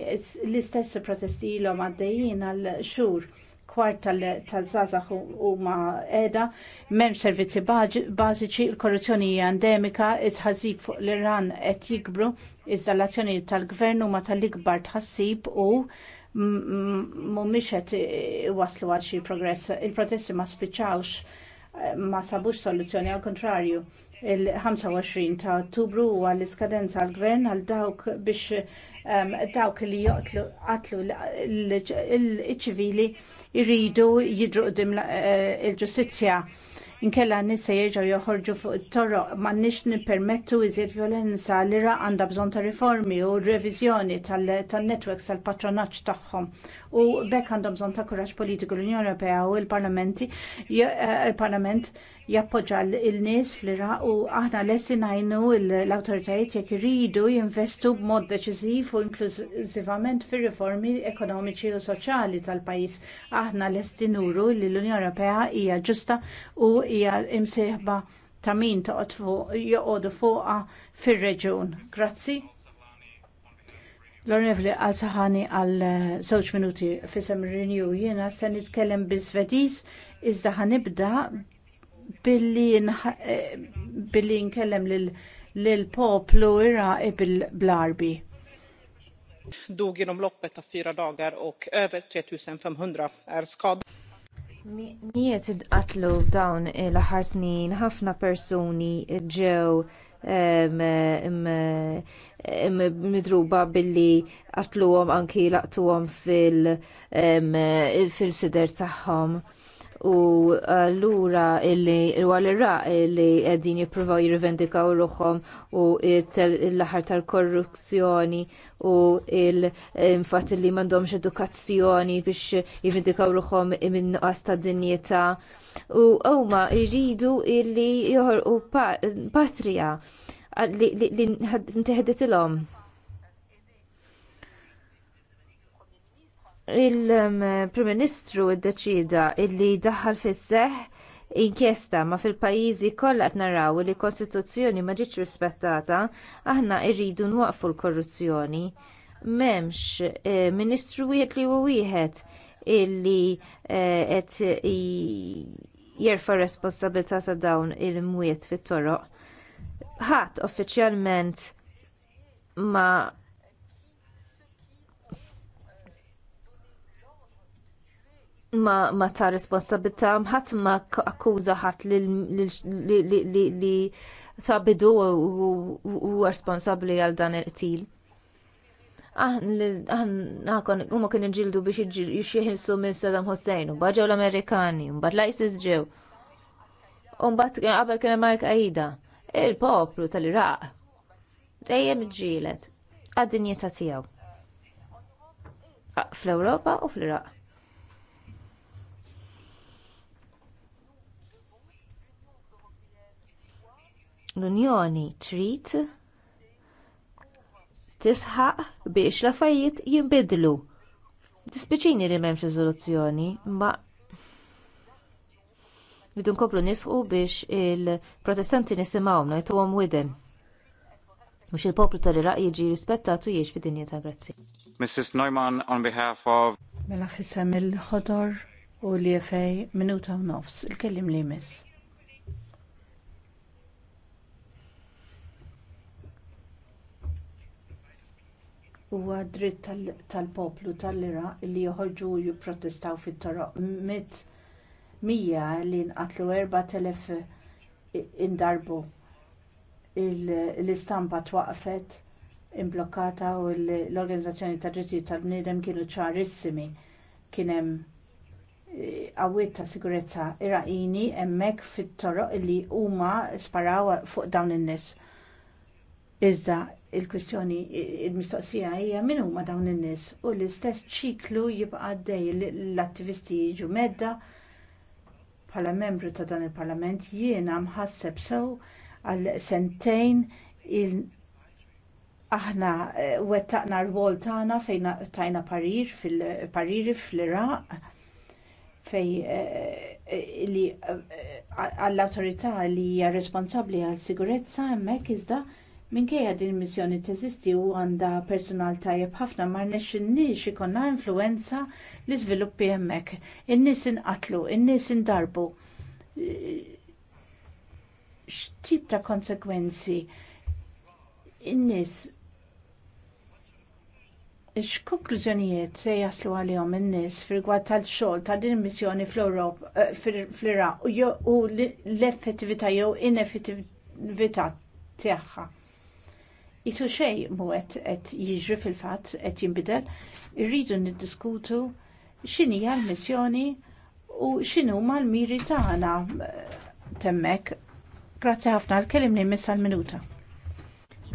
l-istess protesti ilhom għaddejjin għal xhur kwart tal-żazax huma qiegħda m'hemm servizzi bażiċi, il-korruzzjoni hija endemika, it-ħażib fuq l-Iran qed jikbru, iżda l-azzjonijiet tal-gvern huma tal-ikbar tħassib u mhumiex qed iwasslu għal xi progress. Il-protesti ma spiċċawx ma sabux soluzzjoni għal kontrarju il-25 ta' Ottubru huwa l-iskadenza għal gvern għal dawk biex dawk li joqtlu qatlu l-ċivili jridu jidru qdim eh, il-ġustizzja. Inkella nisa jirġaw joħorġu fuq it ma nix nippermettu iżjed violenza li ra għandha bżonn ta' riformi u revizjoni tan netwerks tal-patronaġġ tagħhom u bekk għandhom bżonn ta' kuraġġ politiku l-Unjoni Ewropea u l-Parlamenti eh, il-Parlament jappoġġa l-nies fl-Iraq u aħna lesti ngħinu l-awtoritajiet jekk iridu jinvestu b'mod deċiżiv u inklużivament fir-riformi ekonomiċi u soċjali tal-pajjiż. Aħna lesti nuru li l-Unjoni Ewropea hija ġusta u hija imsieħba ta' min toqgħod fuq joqogħdu fuqha fir-reġjun. Grazzi. L-Onorevoli għal saħani eh, għal żewġ minuti fisem Renew jiena se nitkellem bil-Svediż iżda ħanibda billi eh, nkellem lil poplu e bil-blarbi. Dug jenom loppet ta' fira dagar och över 3500 är skadade. Miet idqatlu dawn l-aħħar snin ħafna ġew midruba billi qatluhom anki laqtuwom fil-sider tagħhom u allura illi għal ra illi qegħdin jippruvaw jirrivendikaw ruħhom u l-aħar tal-korruzzjoni u l infat illi m'għandhomx edukazzjoni biex jivindikaw ruħom minn nuqqas dinjeta. dinjità u huma jridu illi u patrija li nteħdet ilhom. Il-Prim um, Ministru id-deċida illi daħal fis-seħħ inkjesta ma fil-pajjiżi kollha qed naraw li l-Kostituzzjoni ma ġietx rispettata, aħna rridu nwaqfu l-korruzzjoni. M'hemmx eh, Ministru wieħed li huwa wieħed illi eh, qed jerfa' responsabilità ta' dawn il-mwiet fit-toroq ħadd uffiċjalment ma ma ma ta' responsabilità ħadd ma akkuża ħadd li ta' bidu u responsabbli għal dan il-qtil. Aħna huma kien iġildu biex jixjeħilsu minn Saddam Hussein, u ġew l-Amerikani, mbagħad l-ISIS ġew. U mbagħad qabel kien Mike Aida il-poplu tal-Iraq dejjem ġielet għad-dinjità tiegħu fl-Ewropa u fl-Iraq. L-Unjoni trid tisħaq biex l-affarijiet jinbidlu. Dispiċini li m'hemmx riżoluzzjoni, ma bidu nkoplu nisqu biex il-protestanti nisimgħu jtuhom widen. Mux il-poplu tal-Iraq jiġi rispettatu u jiex fid-dinja grazzi. Mrs. Neumann on behalf of Mela fissem il-ħodor u li fej minuta u nofs il-kellim li mis. Huwa dritt tal-poplu tal-Iraq li joħorġu u jipprotestaw fit-toroq mit mija li nqatlu 4,000 darbu l-istampa twaqqfet imblukkata u l-organizzazzjoni tad drittijiet tal-bniedem kienu ċarissimi kien hemm qawwiet eh, ta' sigurezza iraqini hemmhekk fit-toroq li huma sparaw fuq dawn in-nies. Iżda l kwistjoni il-mistoqsija hija min huma dawn in-nies u l-istess ċiklu jibqa' għaddej l-attivisti jiġu medda Bħala membru ta' dan il-Parlament jiena mħasseb sew għal sentejn il aħna eh, wettaqna r-wol tagħna fejn tajna parir fil-pariri fl-Iraq fej eh, eh, li għall-autorità li hija responsabbli għal sigurezza hemmhekk iżda Minkejja din il missjoni teżisti u għandha personal tajjeb ħafna ma rnexxinniex ikonna influwenza l-iżviluppi hemmhekk. In-nies inqatlu, in-nies indarbu. X'tip ta' konsekwenzi in-nies X'konklużjonijiet se jaslu għalihom in-nies fil-gwad tal-xogħol ta' din missjoni fl-Ewropa eh, fl-Iraq u l-effettività jew ineffettività tagħha. Isu xej mu qed jiġri fil-fatt qed jinbidel, irridu niddiskutu x'inhi l-missjoni u x'inhu l-miri tagħna eh, temmek. Grazzi ħafna għal-kelim li missa l-minuta.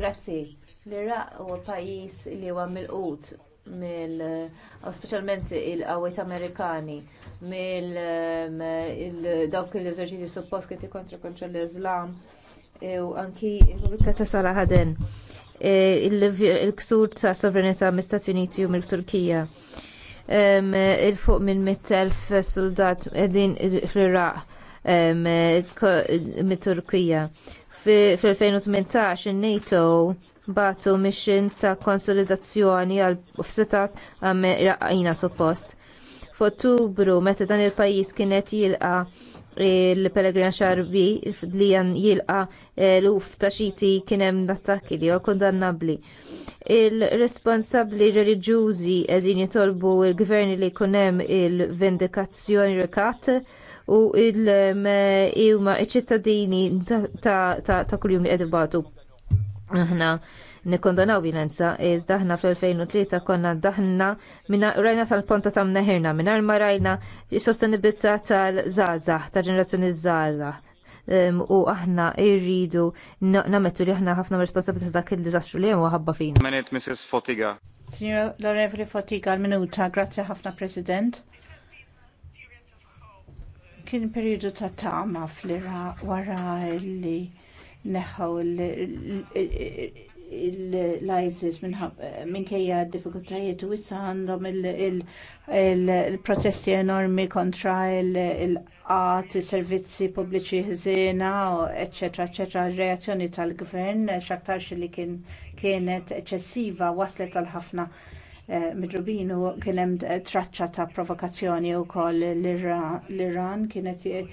Grazzi. L-Iraq huwa pajjiż li huwa milqut mill eh, speċjalment il-qawwiet Amerikani mill eh, dawk l-eżerċizji suppost kif kontra kontra l-Iżlam u anki il-Republika ta' Salah e, il-ksur ta' sovranità mill-Stati Uniti u mill-Turkija il-fuq minn 100.000 soldat edin fl-Iraq mit-Turkija. Fil-2018 il-NATO batu missions ta' konsolidazzjoni għal fsetat għam Iraqina suppost. F'Ottubru, meta dan il-pajis kienet jilqa' il pellegrina Xarbi li jan jilqa eh, l-uf ta' xiti kienem attakki li kondannabli. Il-responsabli religjużi edin jitolbu il-gvern li kunem il-vendikazzjoni rekat u il-ma eh, iċ-ċittadini ta' kuljum li edibatu. Aħna nikkondonaw violenza iżda aħna fl-2003 konna daħna minna rajna tal-ponta ta' mneħirna mingħajr ma rajna sostenibilità tal zaza ta' ġenerazzjoni żgħażagħ. U aħna irridu namettu li aħna ħafna responsabilità dak il-diżastru li hemm ħabba fin. Menet Mrs. Fotiga. Signor Lorevoli Fotiga, għal-minuta, grazie ħafna President kien periodu ta' tama fl-ira wara li neħaw l-ISIS minkejja d-diffikultajiet u issa għandhom il-protesti enormi kontra il-qat, il-servizzi pubbliċi ħżiena, etc. etc. reazzjoni tal-gvern xaktarx li kienet eċessiva waslet għal ħafna eh, midrubin u kien hemm traċċa ta' provokazzjoni wkoll l-Iran kienet eh,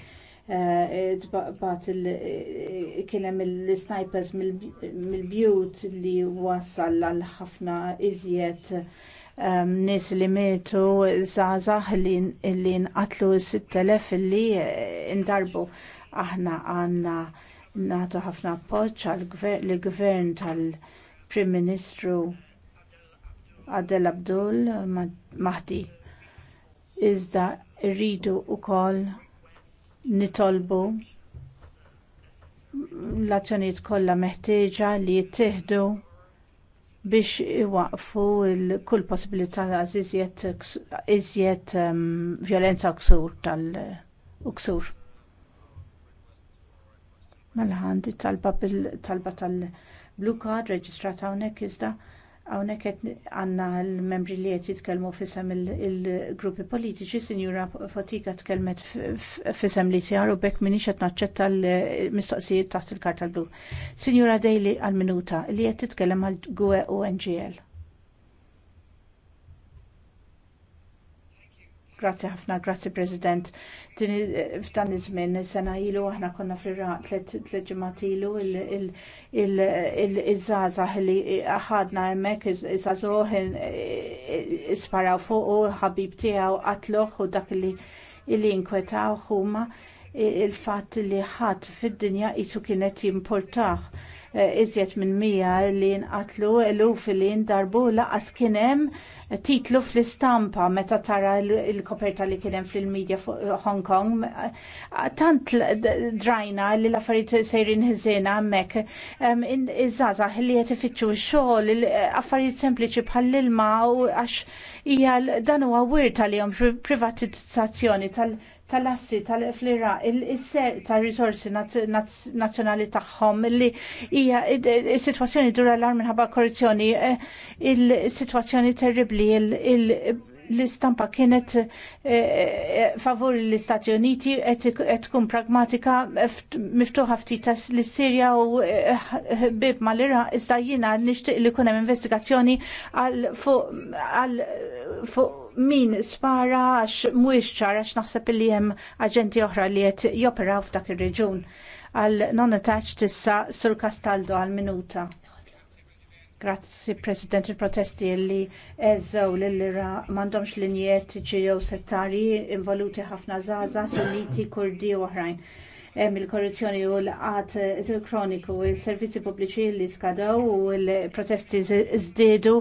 Eh, bat eh, kien hemm l-snipers mill-bjut li wassal għal ħafna iżjed ehm, nies li mietu żgħażagħ li nqatlu 6000 li eh, ndarbu aħna għandna nagħtu ħafna appoġġ għal gvern tal-Prim Ministru Adel Abdul Mahdi. Iżda rridu wkoll nitolbu l-azzjonijiet kollha meħtieġa li jittieħdu biex iwaqfu kull possibilità ta' iżjed ehm, vjolenza u ksur tal-uksur. Mela għandi talba tal-blue card reġistrata hawnhekk iżda Hawnhekk qed għandna l-membri li qed jitkellmu fisem il-gruppi politiċi, Sinjura Fatika tkellmet fissam li u bekk minix qed naċċetta l-mistoqsijiet taħt il-karta blu. Sinjura Dejli għal-minuta li qed titkellem għal GUE u NGL. Grazzi ħafna, grazzi President. F'dan iż-żmien sena ilu aħna konna fir-raq tliet ġimgħat ilu il-żgħażagħ li ħadna hemmhekk iż iżgħażagħ isparaw u ħabib tiegħu qatluh u dak li inkwetaw huma il-fatt li ħadd fid-dinja qisu kienet jimportah Eh, iżjed minn mija li nqatlu eluf li ndarbu laqas kien hemm titlu fl-istampa meta tara il koperta li kien hemm fil-medja fuq Hong Kong. Tant drajna li l-affarijiet sejrin ħiżena hemmhekk iż-żgħażagħ li qed ifittxu x-xogħol, affarijiet sempliċi bħall-ilma u għax hija dan huwa wirt għalihom privatizzazzjoni tal- tal-assi tal-flira il-ser tal-risorsi nazjonali tagħhom li hija is-sitwazzjoni dura l-ar minħabba korruzzjoni eh, il-sitwazzjoni terribli l-istampa kienet eh, eh, favur l-Istati Uniti qed tkun pragmatika miftuħa ftit l-Sirja u bib mal-Ira iżda jiena nixtieq li jkun hemm investigazzjoni għal fuq min spara għax mhuwiex ċar għax naħseb li hemm aġenti oħra li qed joperaw f'dak ir-reġun. Għal non-attached issa sur Castaldo għal minuta. Grazzi President il-protesti li eżew l-lira mandomx linjiet ġew settari involuti ħafna zaza sunniti kurdi u oħrajn. Hemm il-korruzzjoni u l-qat kroniku, il-servizzi pubbliċi li skadaw u l-protesti zdedu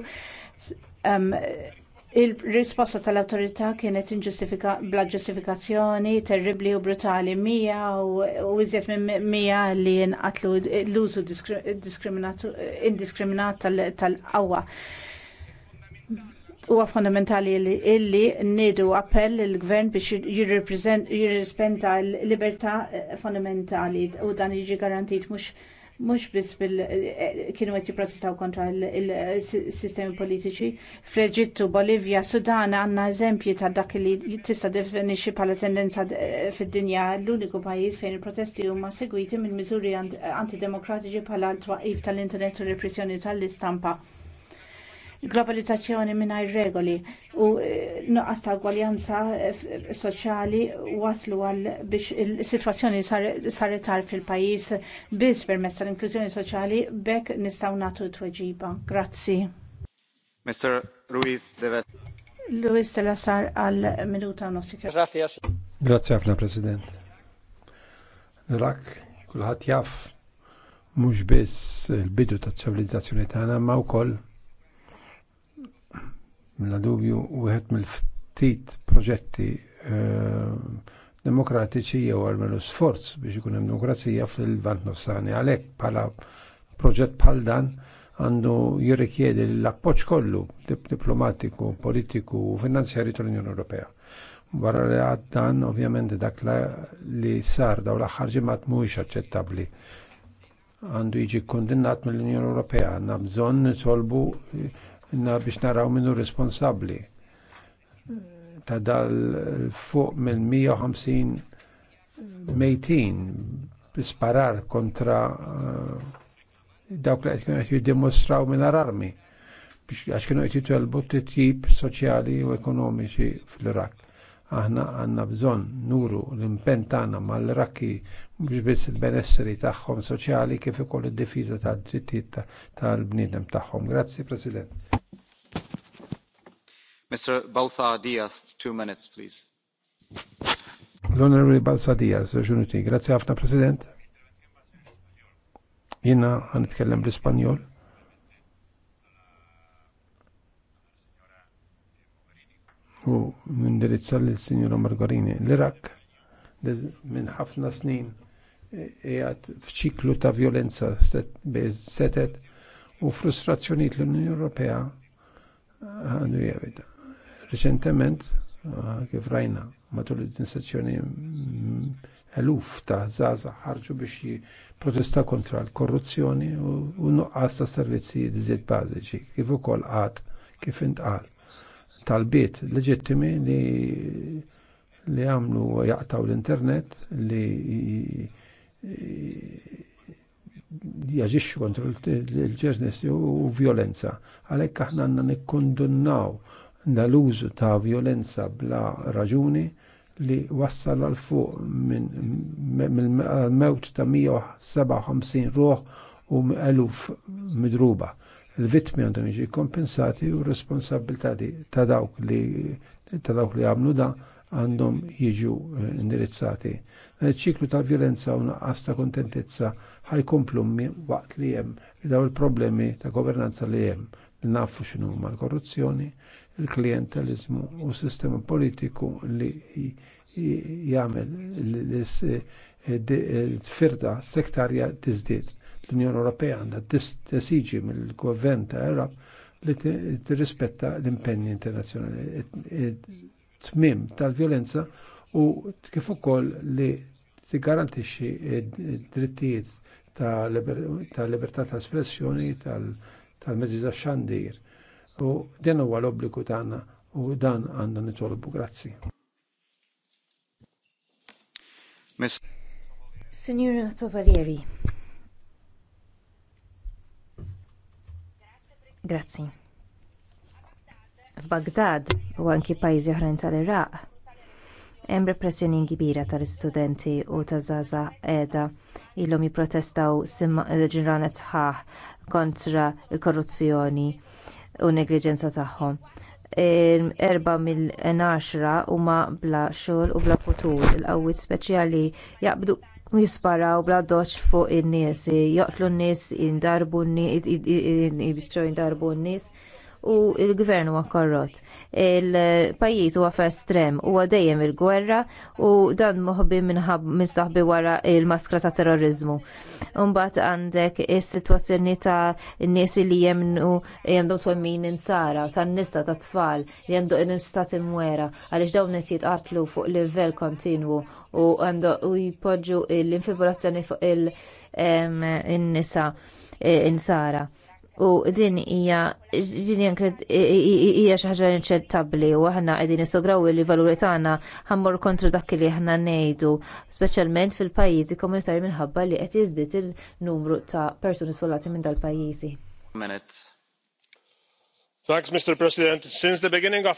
Il-risposta tal-autorità kienet inġustifika bla ġustifikazzjoni terribli u brutali mija u iżjed minn mija li nqatlu l-użu indiskriminat tal-qawwa. Huwa fondamentali illi nniedu appell il gvern biex jirrispenta l-libertà fondamentali u dan jiġi garantit mhux mhux biss bil eh, kienu qed jipprotestaw kontra il-sistemi politiċi fl-Eġittu, Bolivja, Sudan għandna eżempji ta' dak li tista' definixxi bħala tendenza eh, fid-dinja l-uniku pajjiż fejn il-protesti huma segwiti minn miżuri antidemokratiċi bħala l-twaqif tal-internet u repressjoni tal-istampa globalizzazzjoni mingħajr regoli u eh, nuqqas ta' gwaljanza eh, soċjali waslu għal biex il-sitwazzjoni saretar fil-pajjiż biss permessa tal-inklużjoni soċjali bekk nistgħu nagħtu tweġiba. Grazzi. Mr. Ruiz de Luis de la Sar għal minuta nofsi. Gracias. Grazie ħafna, President. Rak, kulħadd jaff mhux biss il-bidu taċ-ċivilizzazzjoni tagħna ma wkoll mla dubju wieħed mill-ftit proġetti eh, demokratiċi jew għalmenu sforz biex ikun hemm demokrazija fil-Vant Nofsani. Għalhekk bħala proġett bħal dan għandu jirrikjedi l-appoġġ kollu diplomatiku, politiku u finanzjari tal-Unjoni Ewropea. Barra li għad dan, ovvjament dak li sar daw l-aħħar ġimgħat mhuwiex aċċettabbli għandu jiġi kondennat mill-Unjoni Ewropea. Għandna bżonn nitolbu biex naraw minnu responsabbli ta' dal fuq minn 150 mejtin sparar kontra eh, dawk li qed kienu qed jiddimostraw minn armi biex għax kienu qed jitwelbu t-tip soċjali u ekonomiċi fl-Irak aħna għandna bżonn nuru l impentana mal-rakki biex biss il-benessri tagħhom soċjali kif ukoll id-difiża tad-drittijiet tal-bniedem tagħhom. Grazzi, President. Mr. Balsa Diaz, two minutes, please. L-Onorevoli Balsa Diaz, ġunuti, grazzi ħafna, President. Jina għan bl-Ispanjol u indirizza lil sinjura Margarini. L-Irak minn ħafna snin qiegħed f'ċiklu ta' violenza setet u frustrazzjonijiet l-Unjoni Ewropea għandu jevita. Reċentement, ah, kif rajna, matul id-dinsazzjoni mm, eluf ta' zaza ħarġu biex protesta kontra l-korruzzjoni u nuqqas ta' servizzi Bazi bażiċi, kif ukoll għad, kif intqal talbiet leġittimi li li għamlu jaqtaw l-internet li jaġixxu kontra l-ġerness u violenza. Għalhekk aħna għandna nikkondunnaw dal-użu ta' violenza bla raġuni li wassal għal fuq minn mewt ta' 157 ruħ u eluf midruba l-vittmi għandhom jiġi kompensati u responsabilità ta' dawk li ta' dawk li għamlu da għandhom jiġu eh, indirizzati. Il-ċiklu ta' violenza u naqqas ta' kontentezza ħajkomplu waqt li hemm daw il-problemi ta' governanza li hemm nafu x'inhu huma l-korruzzjoni, il-klientelizmu u s-sistema politiku li jagħmel l-firda eh, eh, sektarja tiżdied L-Unjoni Ewropea għandha tesiġi mill-Gvern ta' Arab li tirrispetta l-impenni internazzjonali. Tmim tal-violenza u kif ukoll li tigarantixxi d-drittijiet ta' libertà ta' espressjoni tal-mezzi ta' xandir. U din huwa l-obbligu tagħna u dan għandna nitolbu. Grazzi. Signora Tovalieri. Grazzi. F'Bagdad u anki pajjiżi oħrajn tal-Iraq hemm repressjoni kbira tal-istudenti u taż-żgħażagħ qiegħda ilhom jipprotestaw ġimranet sħaħ kontra l-korruzzjoni u n-negliġenza tagħhom. Erba mill-10 huma bla xogħol u bla futur. Il-qawwiet speċjali jaqbdu u jisparaw bla doċ fuq in-nies, joqtlu n-nies, indarbu n n-nies u l gvern huwa korrot. Il-pajjiż huwa estrem huwa dejjem il-gwerra u dan moħbi minstaħbi wara il-maskra ta' terrorizmu. Umbat għandek is-sitwazzjoni ta' n nies li jemnu jendu twemmin insara, ta' nisa ta' tfal, li jemdu nistat imwera, għaliex dawn qed jitqatlu fuq livell kontinwu u għandu jpoġġu l-infibulazzjoni fuq il-nisa eh, insara. U din hija din hija xi ħaġa inċettabbli u aħna qegħdin nisograw li valuri tagħna ħammor kontra dak li aħna ngħidu, speċjalment fil-pajjiżi komunitarji minħabba li qed jiżdied il-numru ta' persuni sfollati minn dal-pajjiżi. Minute mr president since the beginning of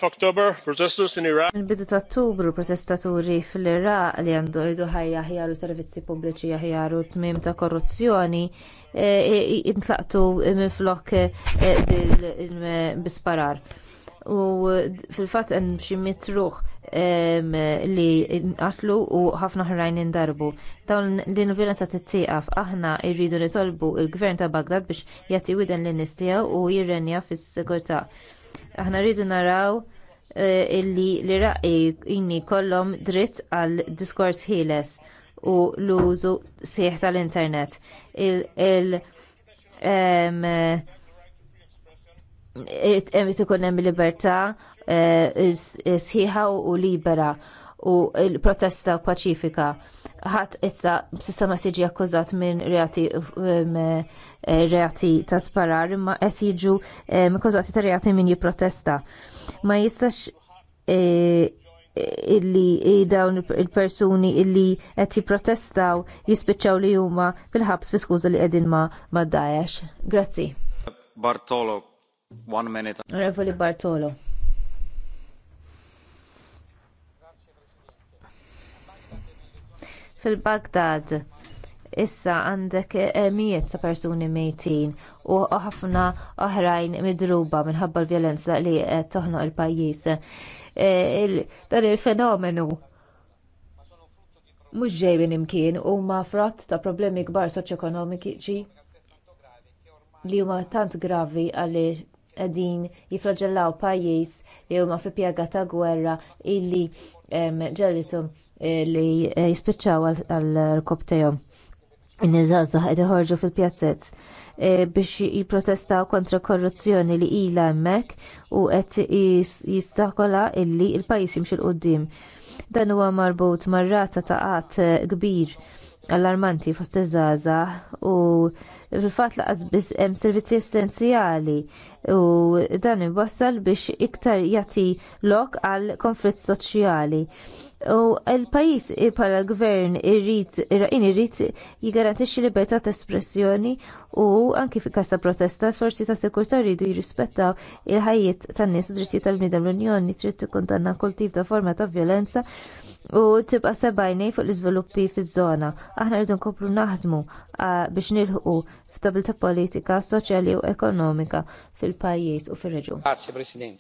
protesters in iraq il-bidu ta' ottubru protestaturi fl-iraq li għandu jridu ħajja ħjaru servizzi pubbliċi u tmiem ta' korruzzjoni eh, intlaqtu minflok eh, bil u fil-fatt hemm xi ruħ li nqatlu u ħafna ħrajn indarbu. Dawn din il-violenza tittieqaf aħna rridu nitolbu il gvern ta' Bagdad biex jagħti widen lin nistija u jirrenja fis-sigurtà. Aħna rridu naraw e, illi l-Iraqi inni kollhom dritt għal diskors ħieles u l-użu sieħ tal-internet. il ikun hemm libertà eh, sħiħa u libera u l-protesta paċifika ħadd issa sissa ma siġi akkużat minn reati eh, reati ta' sparar imma qed jiġu eh, akkużati ta' reati min jipprotesta. Ma jistax illi dawn il-persuni illi qed jipprotestaw jispiċċaw li huma fil-ħabs fi skuża li qegħdin ma' Daesh. Grazzi. Bartolo One minute. Revoli Bartolo. Fil-Baghdad, issa għandek eh, mijiet ta' persuni mejtin u ħafna oħrajn midruba minħabba l-vjolenza li qed toħnoq il-pajjiż. Eh, dan il-fenomenu mhux minn imkien huma frott ta' problemi kbar soċjoekonomiċi li huma tant gravi għalli qegħdin jifflaġellaw pajjiż li huma fi pjaga ta' gwerra illi ġellitu eh, li eh, jispiċċaw għall-rkob tiegħhom. in qed iħorġu fil-pjazzett eh, biex jipprotestaw kontra korruzzjoni li ilha hemmhekk u qed jistakola illi l pajjiż jimxi l-qudiem. Dan huwa marbut mar-rata ta' qatt kbir allarmanti fost iż żgħażagħ u fil-fatt laqas biss hemm servizzi essenzjali u dan iwassal biex iktar jagħti lok għal konflitt soċjali. U l-pajis bħala gvern irrid irraqin irrid jigarantixxi libertà ta' espressjoni u anki fi ta' protesta l-forzi ta' sekurtà jridu jirrispettaw il-ħajjiet tan-nies u drittijiet tal-bniedem l-Unjoni trid tikkundanna kull tip ta' forma ta' vjolenza u tibqa sebajnej fuq l izviluppi fiż-żona. Aħna rridu nkopru naħdmu biex nilħu f'tabilta politika soċjali u ekonomika fil-pajjiż u fir reġun Grazie President.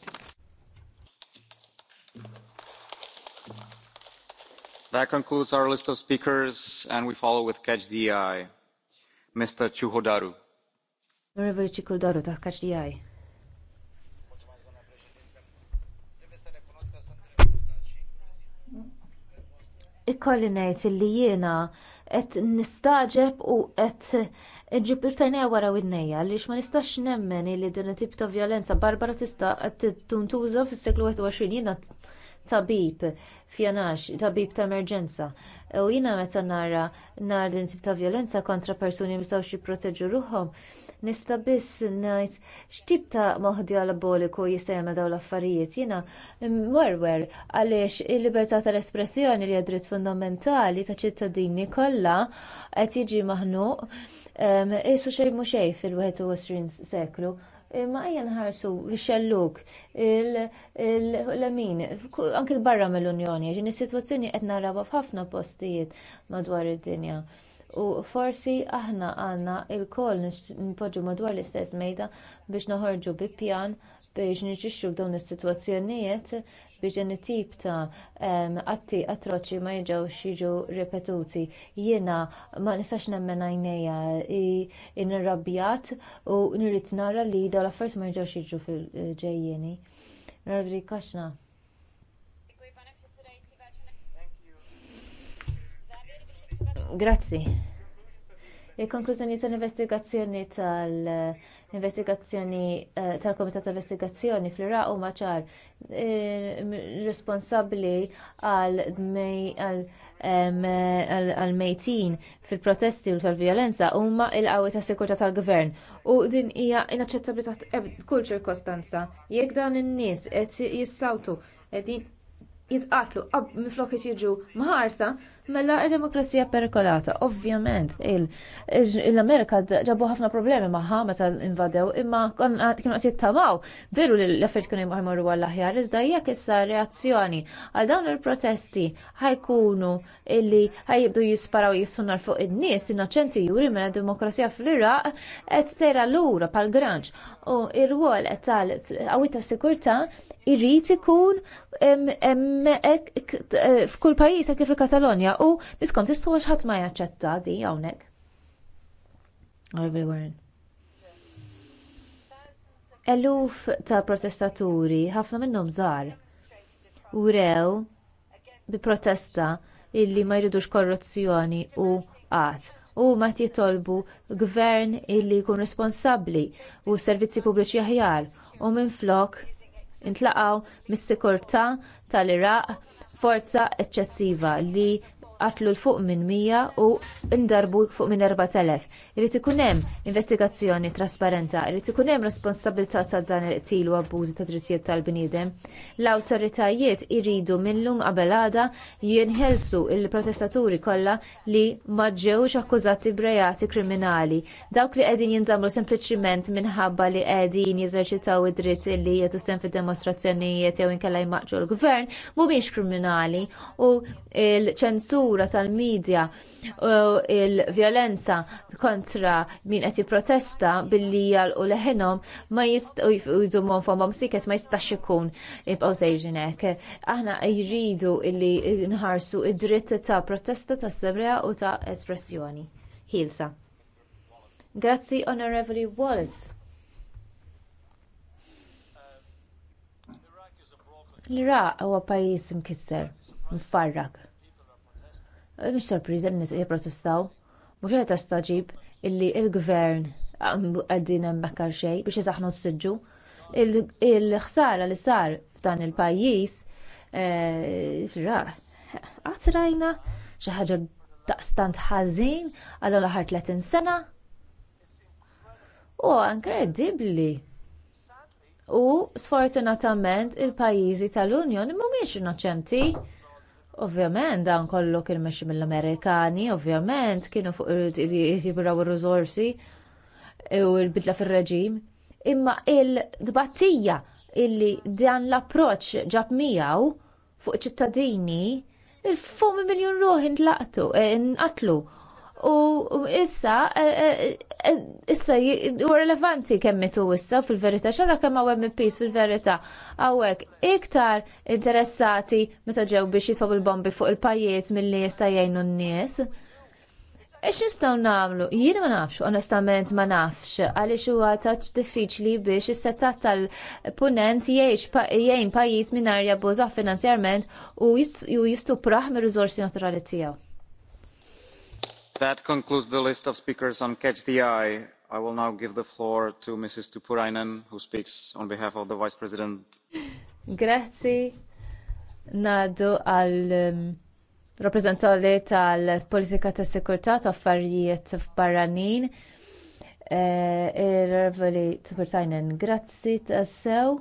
That concludes our list of speakers and we follow with Catch the Eye. Mr. Chuhodaru. Honorable Chuhodaru, ta' Catch the Eye. Ikolli ngħid li jiena qed nistaġeb u qed ġib tajnija wara winnejja li ma nistax nemmen li din tip ta' vjolenza barbara tista' tuntuża fis-seklu 21 jina tabib f'janax, tabib ta' emerġenza. U jiena meta nara nar din tip ta' violenza kontra persuni xie jipproteġu ruhom, nista' biss ngħid x'tip ta' moħħdi alaboliku jisajma dawn l-affarijiet. Jiena mwerwer għaliex il-libertà tal-espressjoni li għadrit dritt fundamentali ta' ċittadini kollha qed jiġi maħnu Isu xejn mhu xejn fil-21 seklu ma ejja nħarsu xelluk l anki anke barra mill-Unjoni ġin is-sitwazzjoni qed f'ħafna postijiet madwar id-dinja. U forsi aħna għandna lkoll npoġġu madwar l-istess mejda biex noħorġu bi pjan biex niġixxu f'dawn is-sitwazzjonijiet biex dan it-tip ta' atti atroċi ma jiġux jiġu ripetuti. Jiena ma nistax nemmen għajnejja inirrabjat u nirrid nara li dawn l-affarijiet ma jiġux jiġu fil-ġejjieni. Kaxna. Grazzi. Il-konklużjoni tal-investigazzjoni tal-investigazzjoni eh, tal-Komitat ta' Investigazzjoni fl-Iraq huma ċar eh, responsabbli għal mejtin fil-protesti u tal-vjolenza huma il-qawwi ta' sekurta tal-gvern u din hija inaċċettabbli taħt kull ċirkostanza. Jek dan in-nies qed jissawtu jitqatlu minflok qed jiġu maħarsa, Mela id-demokrazija perikolata. Ovvjament, l-Amerika ġabu ħafna problemi maħħa meta invadew, imma kienu qed jittamaw veru li l-affarijiet kienu jmorru għall-aħjar, iżda jekk issa reazzjoni għal dawn il-protesti ħajkunu illi ħajibdu jisparaw jiftunar fuq id nies innoċenti juri mela demokrazija fl-Iraq qed sejra lura pal-granġ. U ir wol qed tal għawita tas-sikurtà irrid ikun eh, f'kull pajis kif il-Katalonja u miskont tistgħu għax ħadd ma jaċċetta di hawnhekk. Eluf ta' protestaturi, ħafna minnhom żgħar, urew bi protesta illi ma jridux korruzzjoni u qatt u ma jitolbu gvern illi jkun responsabbli u servizzi pubbliċi aħjar u minflok intlaqaw mis-sikurtà tal-Iraq forza eċċessiva li qatlu l fuq minn 100 u ndarbu fuq minn 4000. Irid ikun hemm investigazzjoni trasparenta, irid ikun hemm responsabilità ta' dan il-qtil u abbużi ta' drittijiet tal-bniedem. L-awtoritajiet iridu minnhom qabel għada jinħelsu l protestaturi kollha li ma ġewx akkużati b'rejati kriminali. Dawk li qegħdin jinżamlu sempliċiment minħabba li qegħdin jeżerċitaw id-dritt li jietu sem fid-demostrazzjonijiet jew inkella jmaqġu l-gvern mhumiex kriminali u l-ċensur ċensura tal-medja u uh, il-vjolenza kontra min qed jipprotesta billi jalqu leħinhom ma jistgħu fomhom siket ma jistax ikun jibqgħu sejrin hekk. Aħna jridu illi nħarsu id-dritt ta' protesta ta' sebrea u ta' espressjoni. Hilsa. Grazzi Onorevoli Wallace. l-Iraq huwa pajjiż imkisser, mfarrak. Mhux sorpriża li nies protestaw. Mhux qed tastaġib illi l-gvern qegħdin hemm għal xejn biex isaħħnu s-siġġu. Il-ħsara li sar f'dan il-pajjiż eh, fil-raħ. Qatt rajna xi ħaġa daqstant ħażin għal l-aħħar 30 sena. U inkredibbli. U sfortunatament il-pajjiżi tal-Unjoni mhumiex innoċenti Ovvjament dan kollu kien mexxi mill-Amerikani, ovvjament kienu fuq jibraw ir-riżorsi u l-bidla fir-reġim. Imma il-dbattija illi dan l-approċ ġab miegħu fuq ċittadini il-fumi miljon tlaqtu, intlaqtu, eh, inqatlu u issa e, e, e, issa u relevanti mitu issa fil-verità xara kemm hawn peace fil-verità hawnhekk iktar interessati meta ġew biex jitfgħu il-bombi fuq il-pajjiż milli issa jgħinu n-nies. Ix nistaw namlu? Jien ma nafx, onestament ma nafx, għaliex huwa taċ diffiċli biex is-settat tal-punent jgħin pajjiż mingħajr jabbuża finanzjarment u jistupraħ mir-riżorsi naturali tiegħu. That concludes the list of speakers on Catch the Eye. I will now give the floor to Mrs. Tupurainen, who speaks on behalf of the Vice President. Nadu għal um, rappresentanti tal-politika ta' sekurtà ta' affarijiet barranin. Eh, Ir-Reveli Tupurainen, grazzi sew.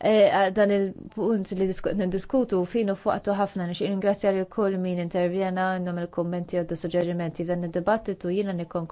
Eh, eh, dan il-punt li diskutu finu fuqtu ħafna nixtieq ringrazzja lil min intervjena għandhom il-kummenti u d-suġġerimenti f'dan id-dibattitu jiena nikkonklu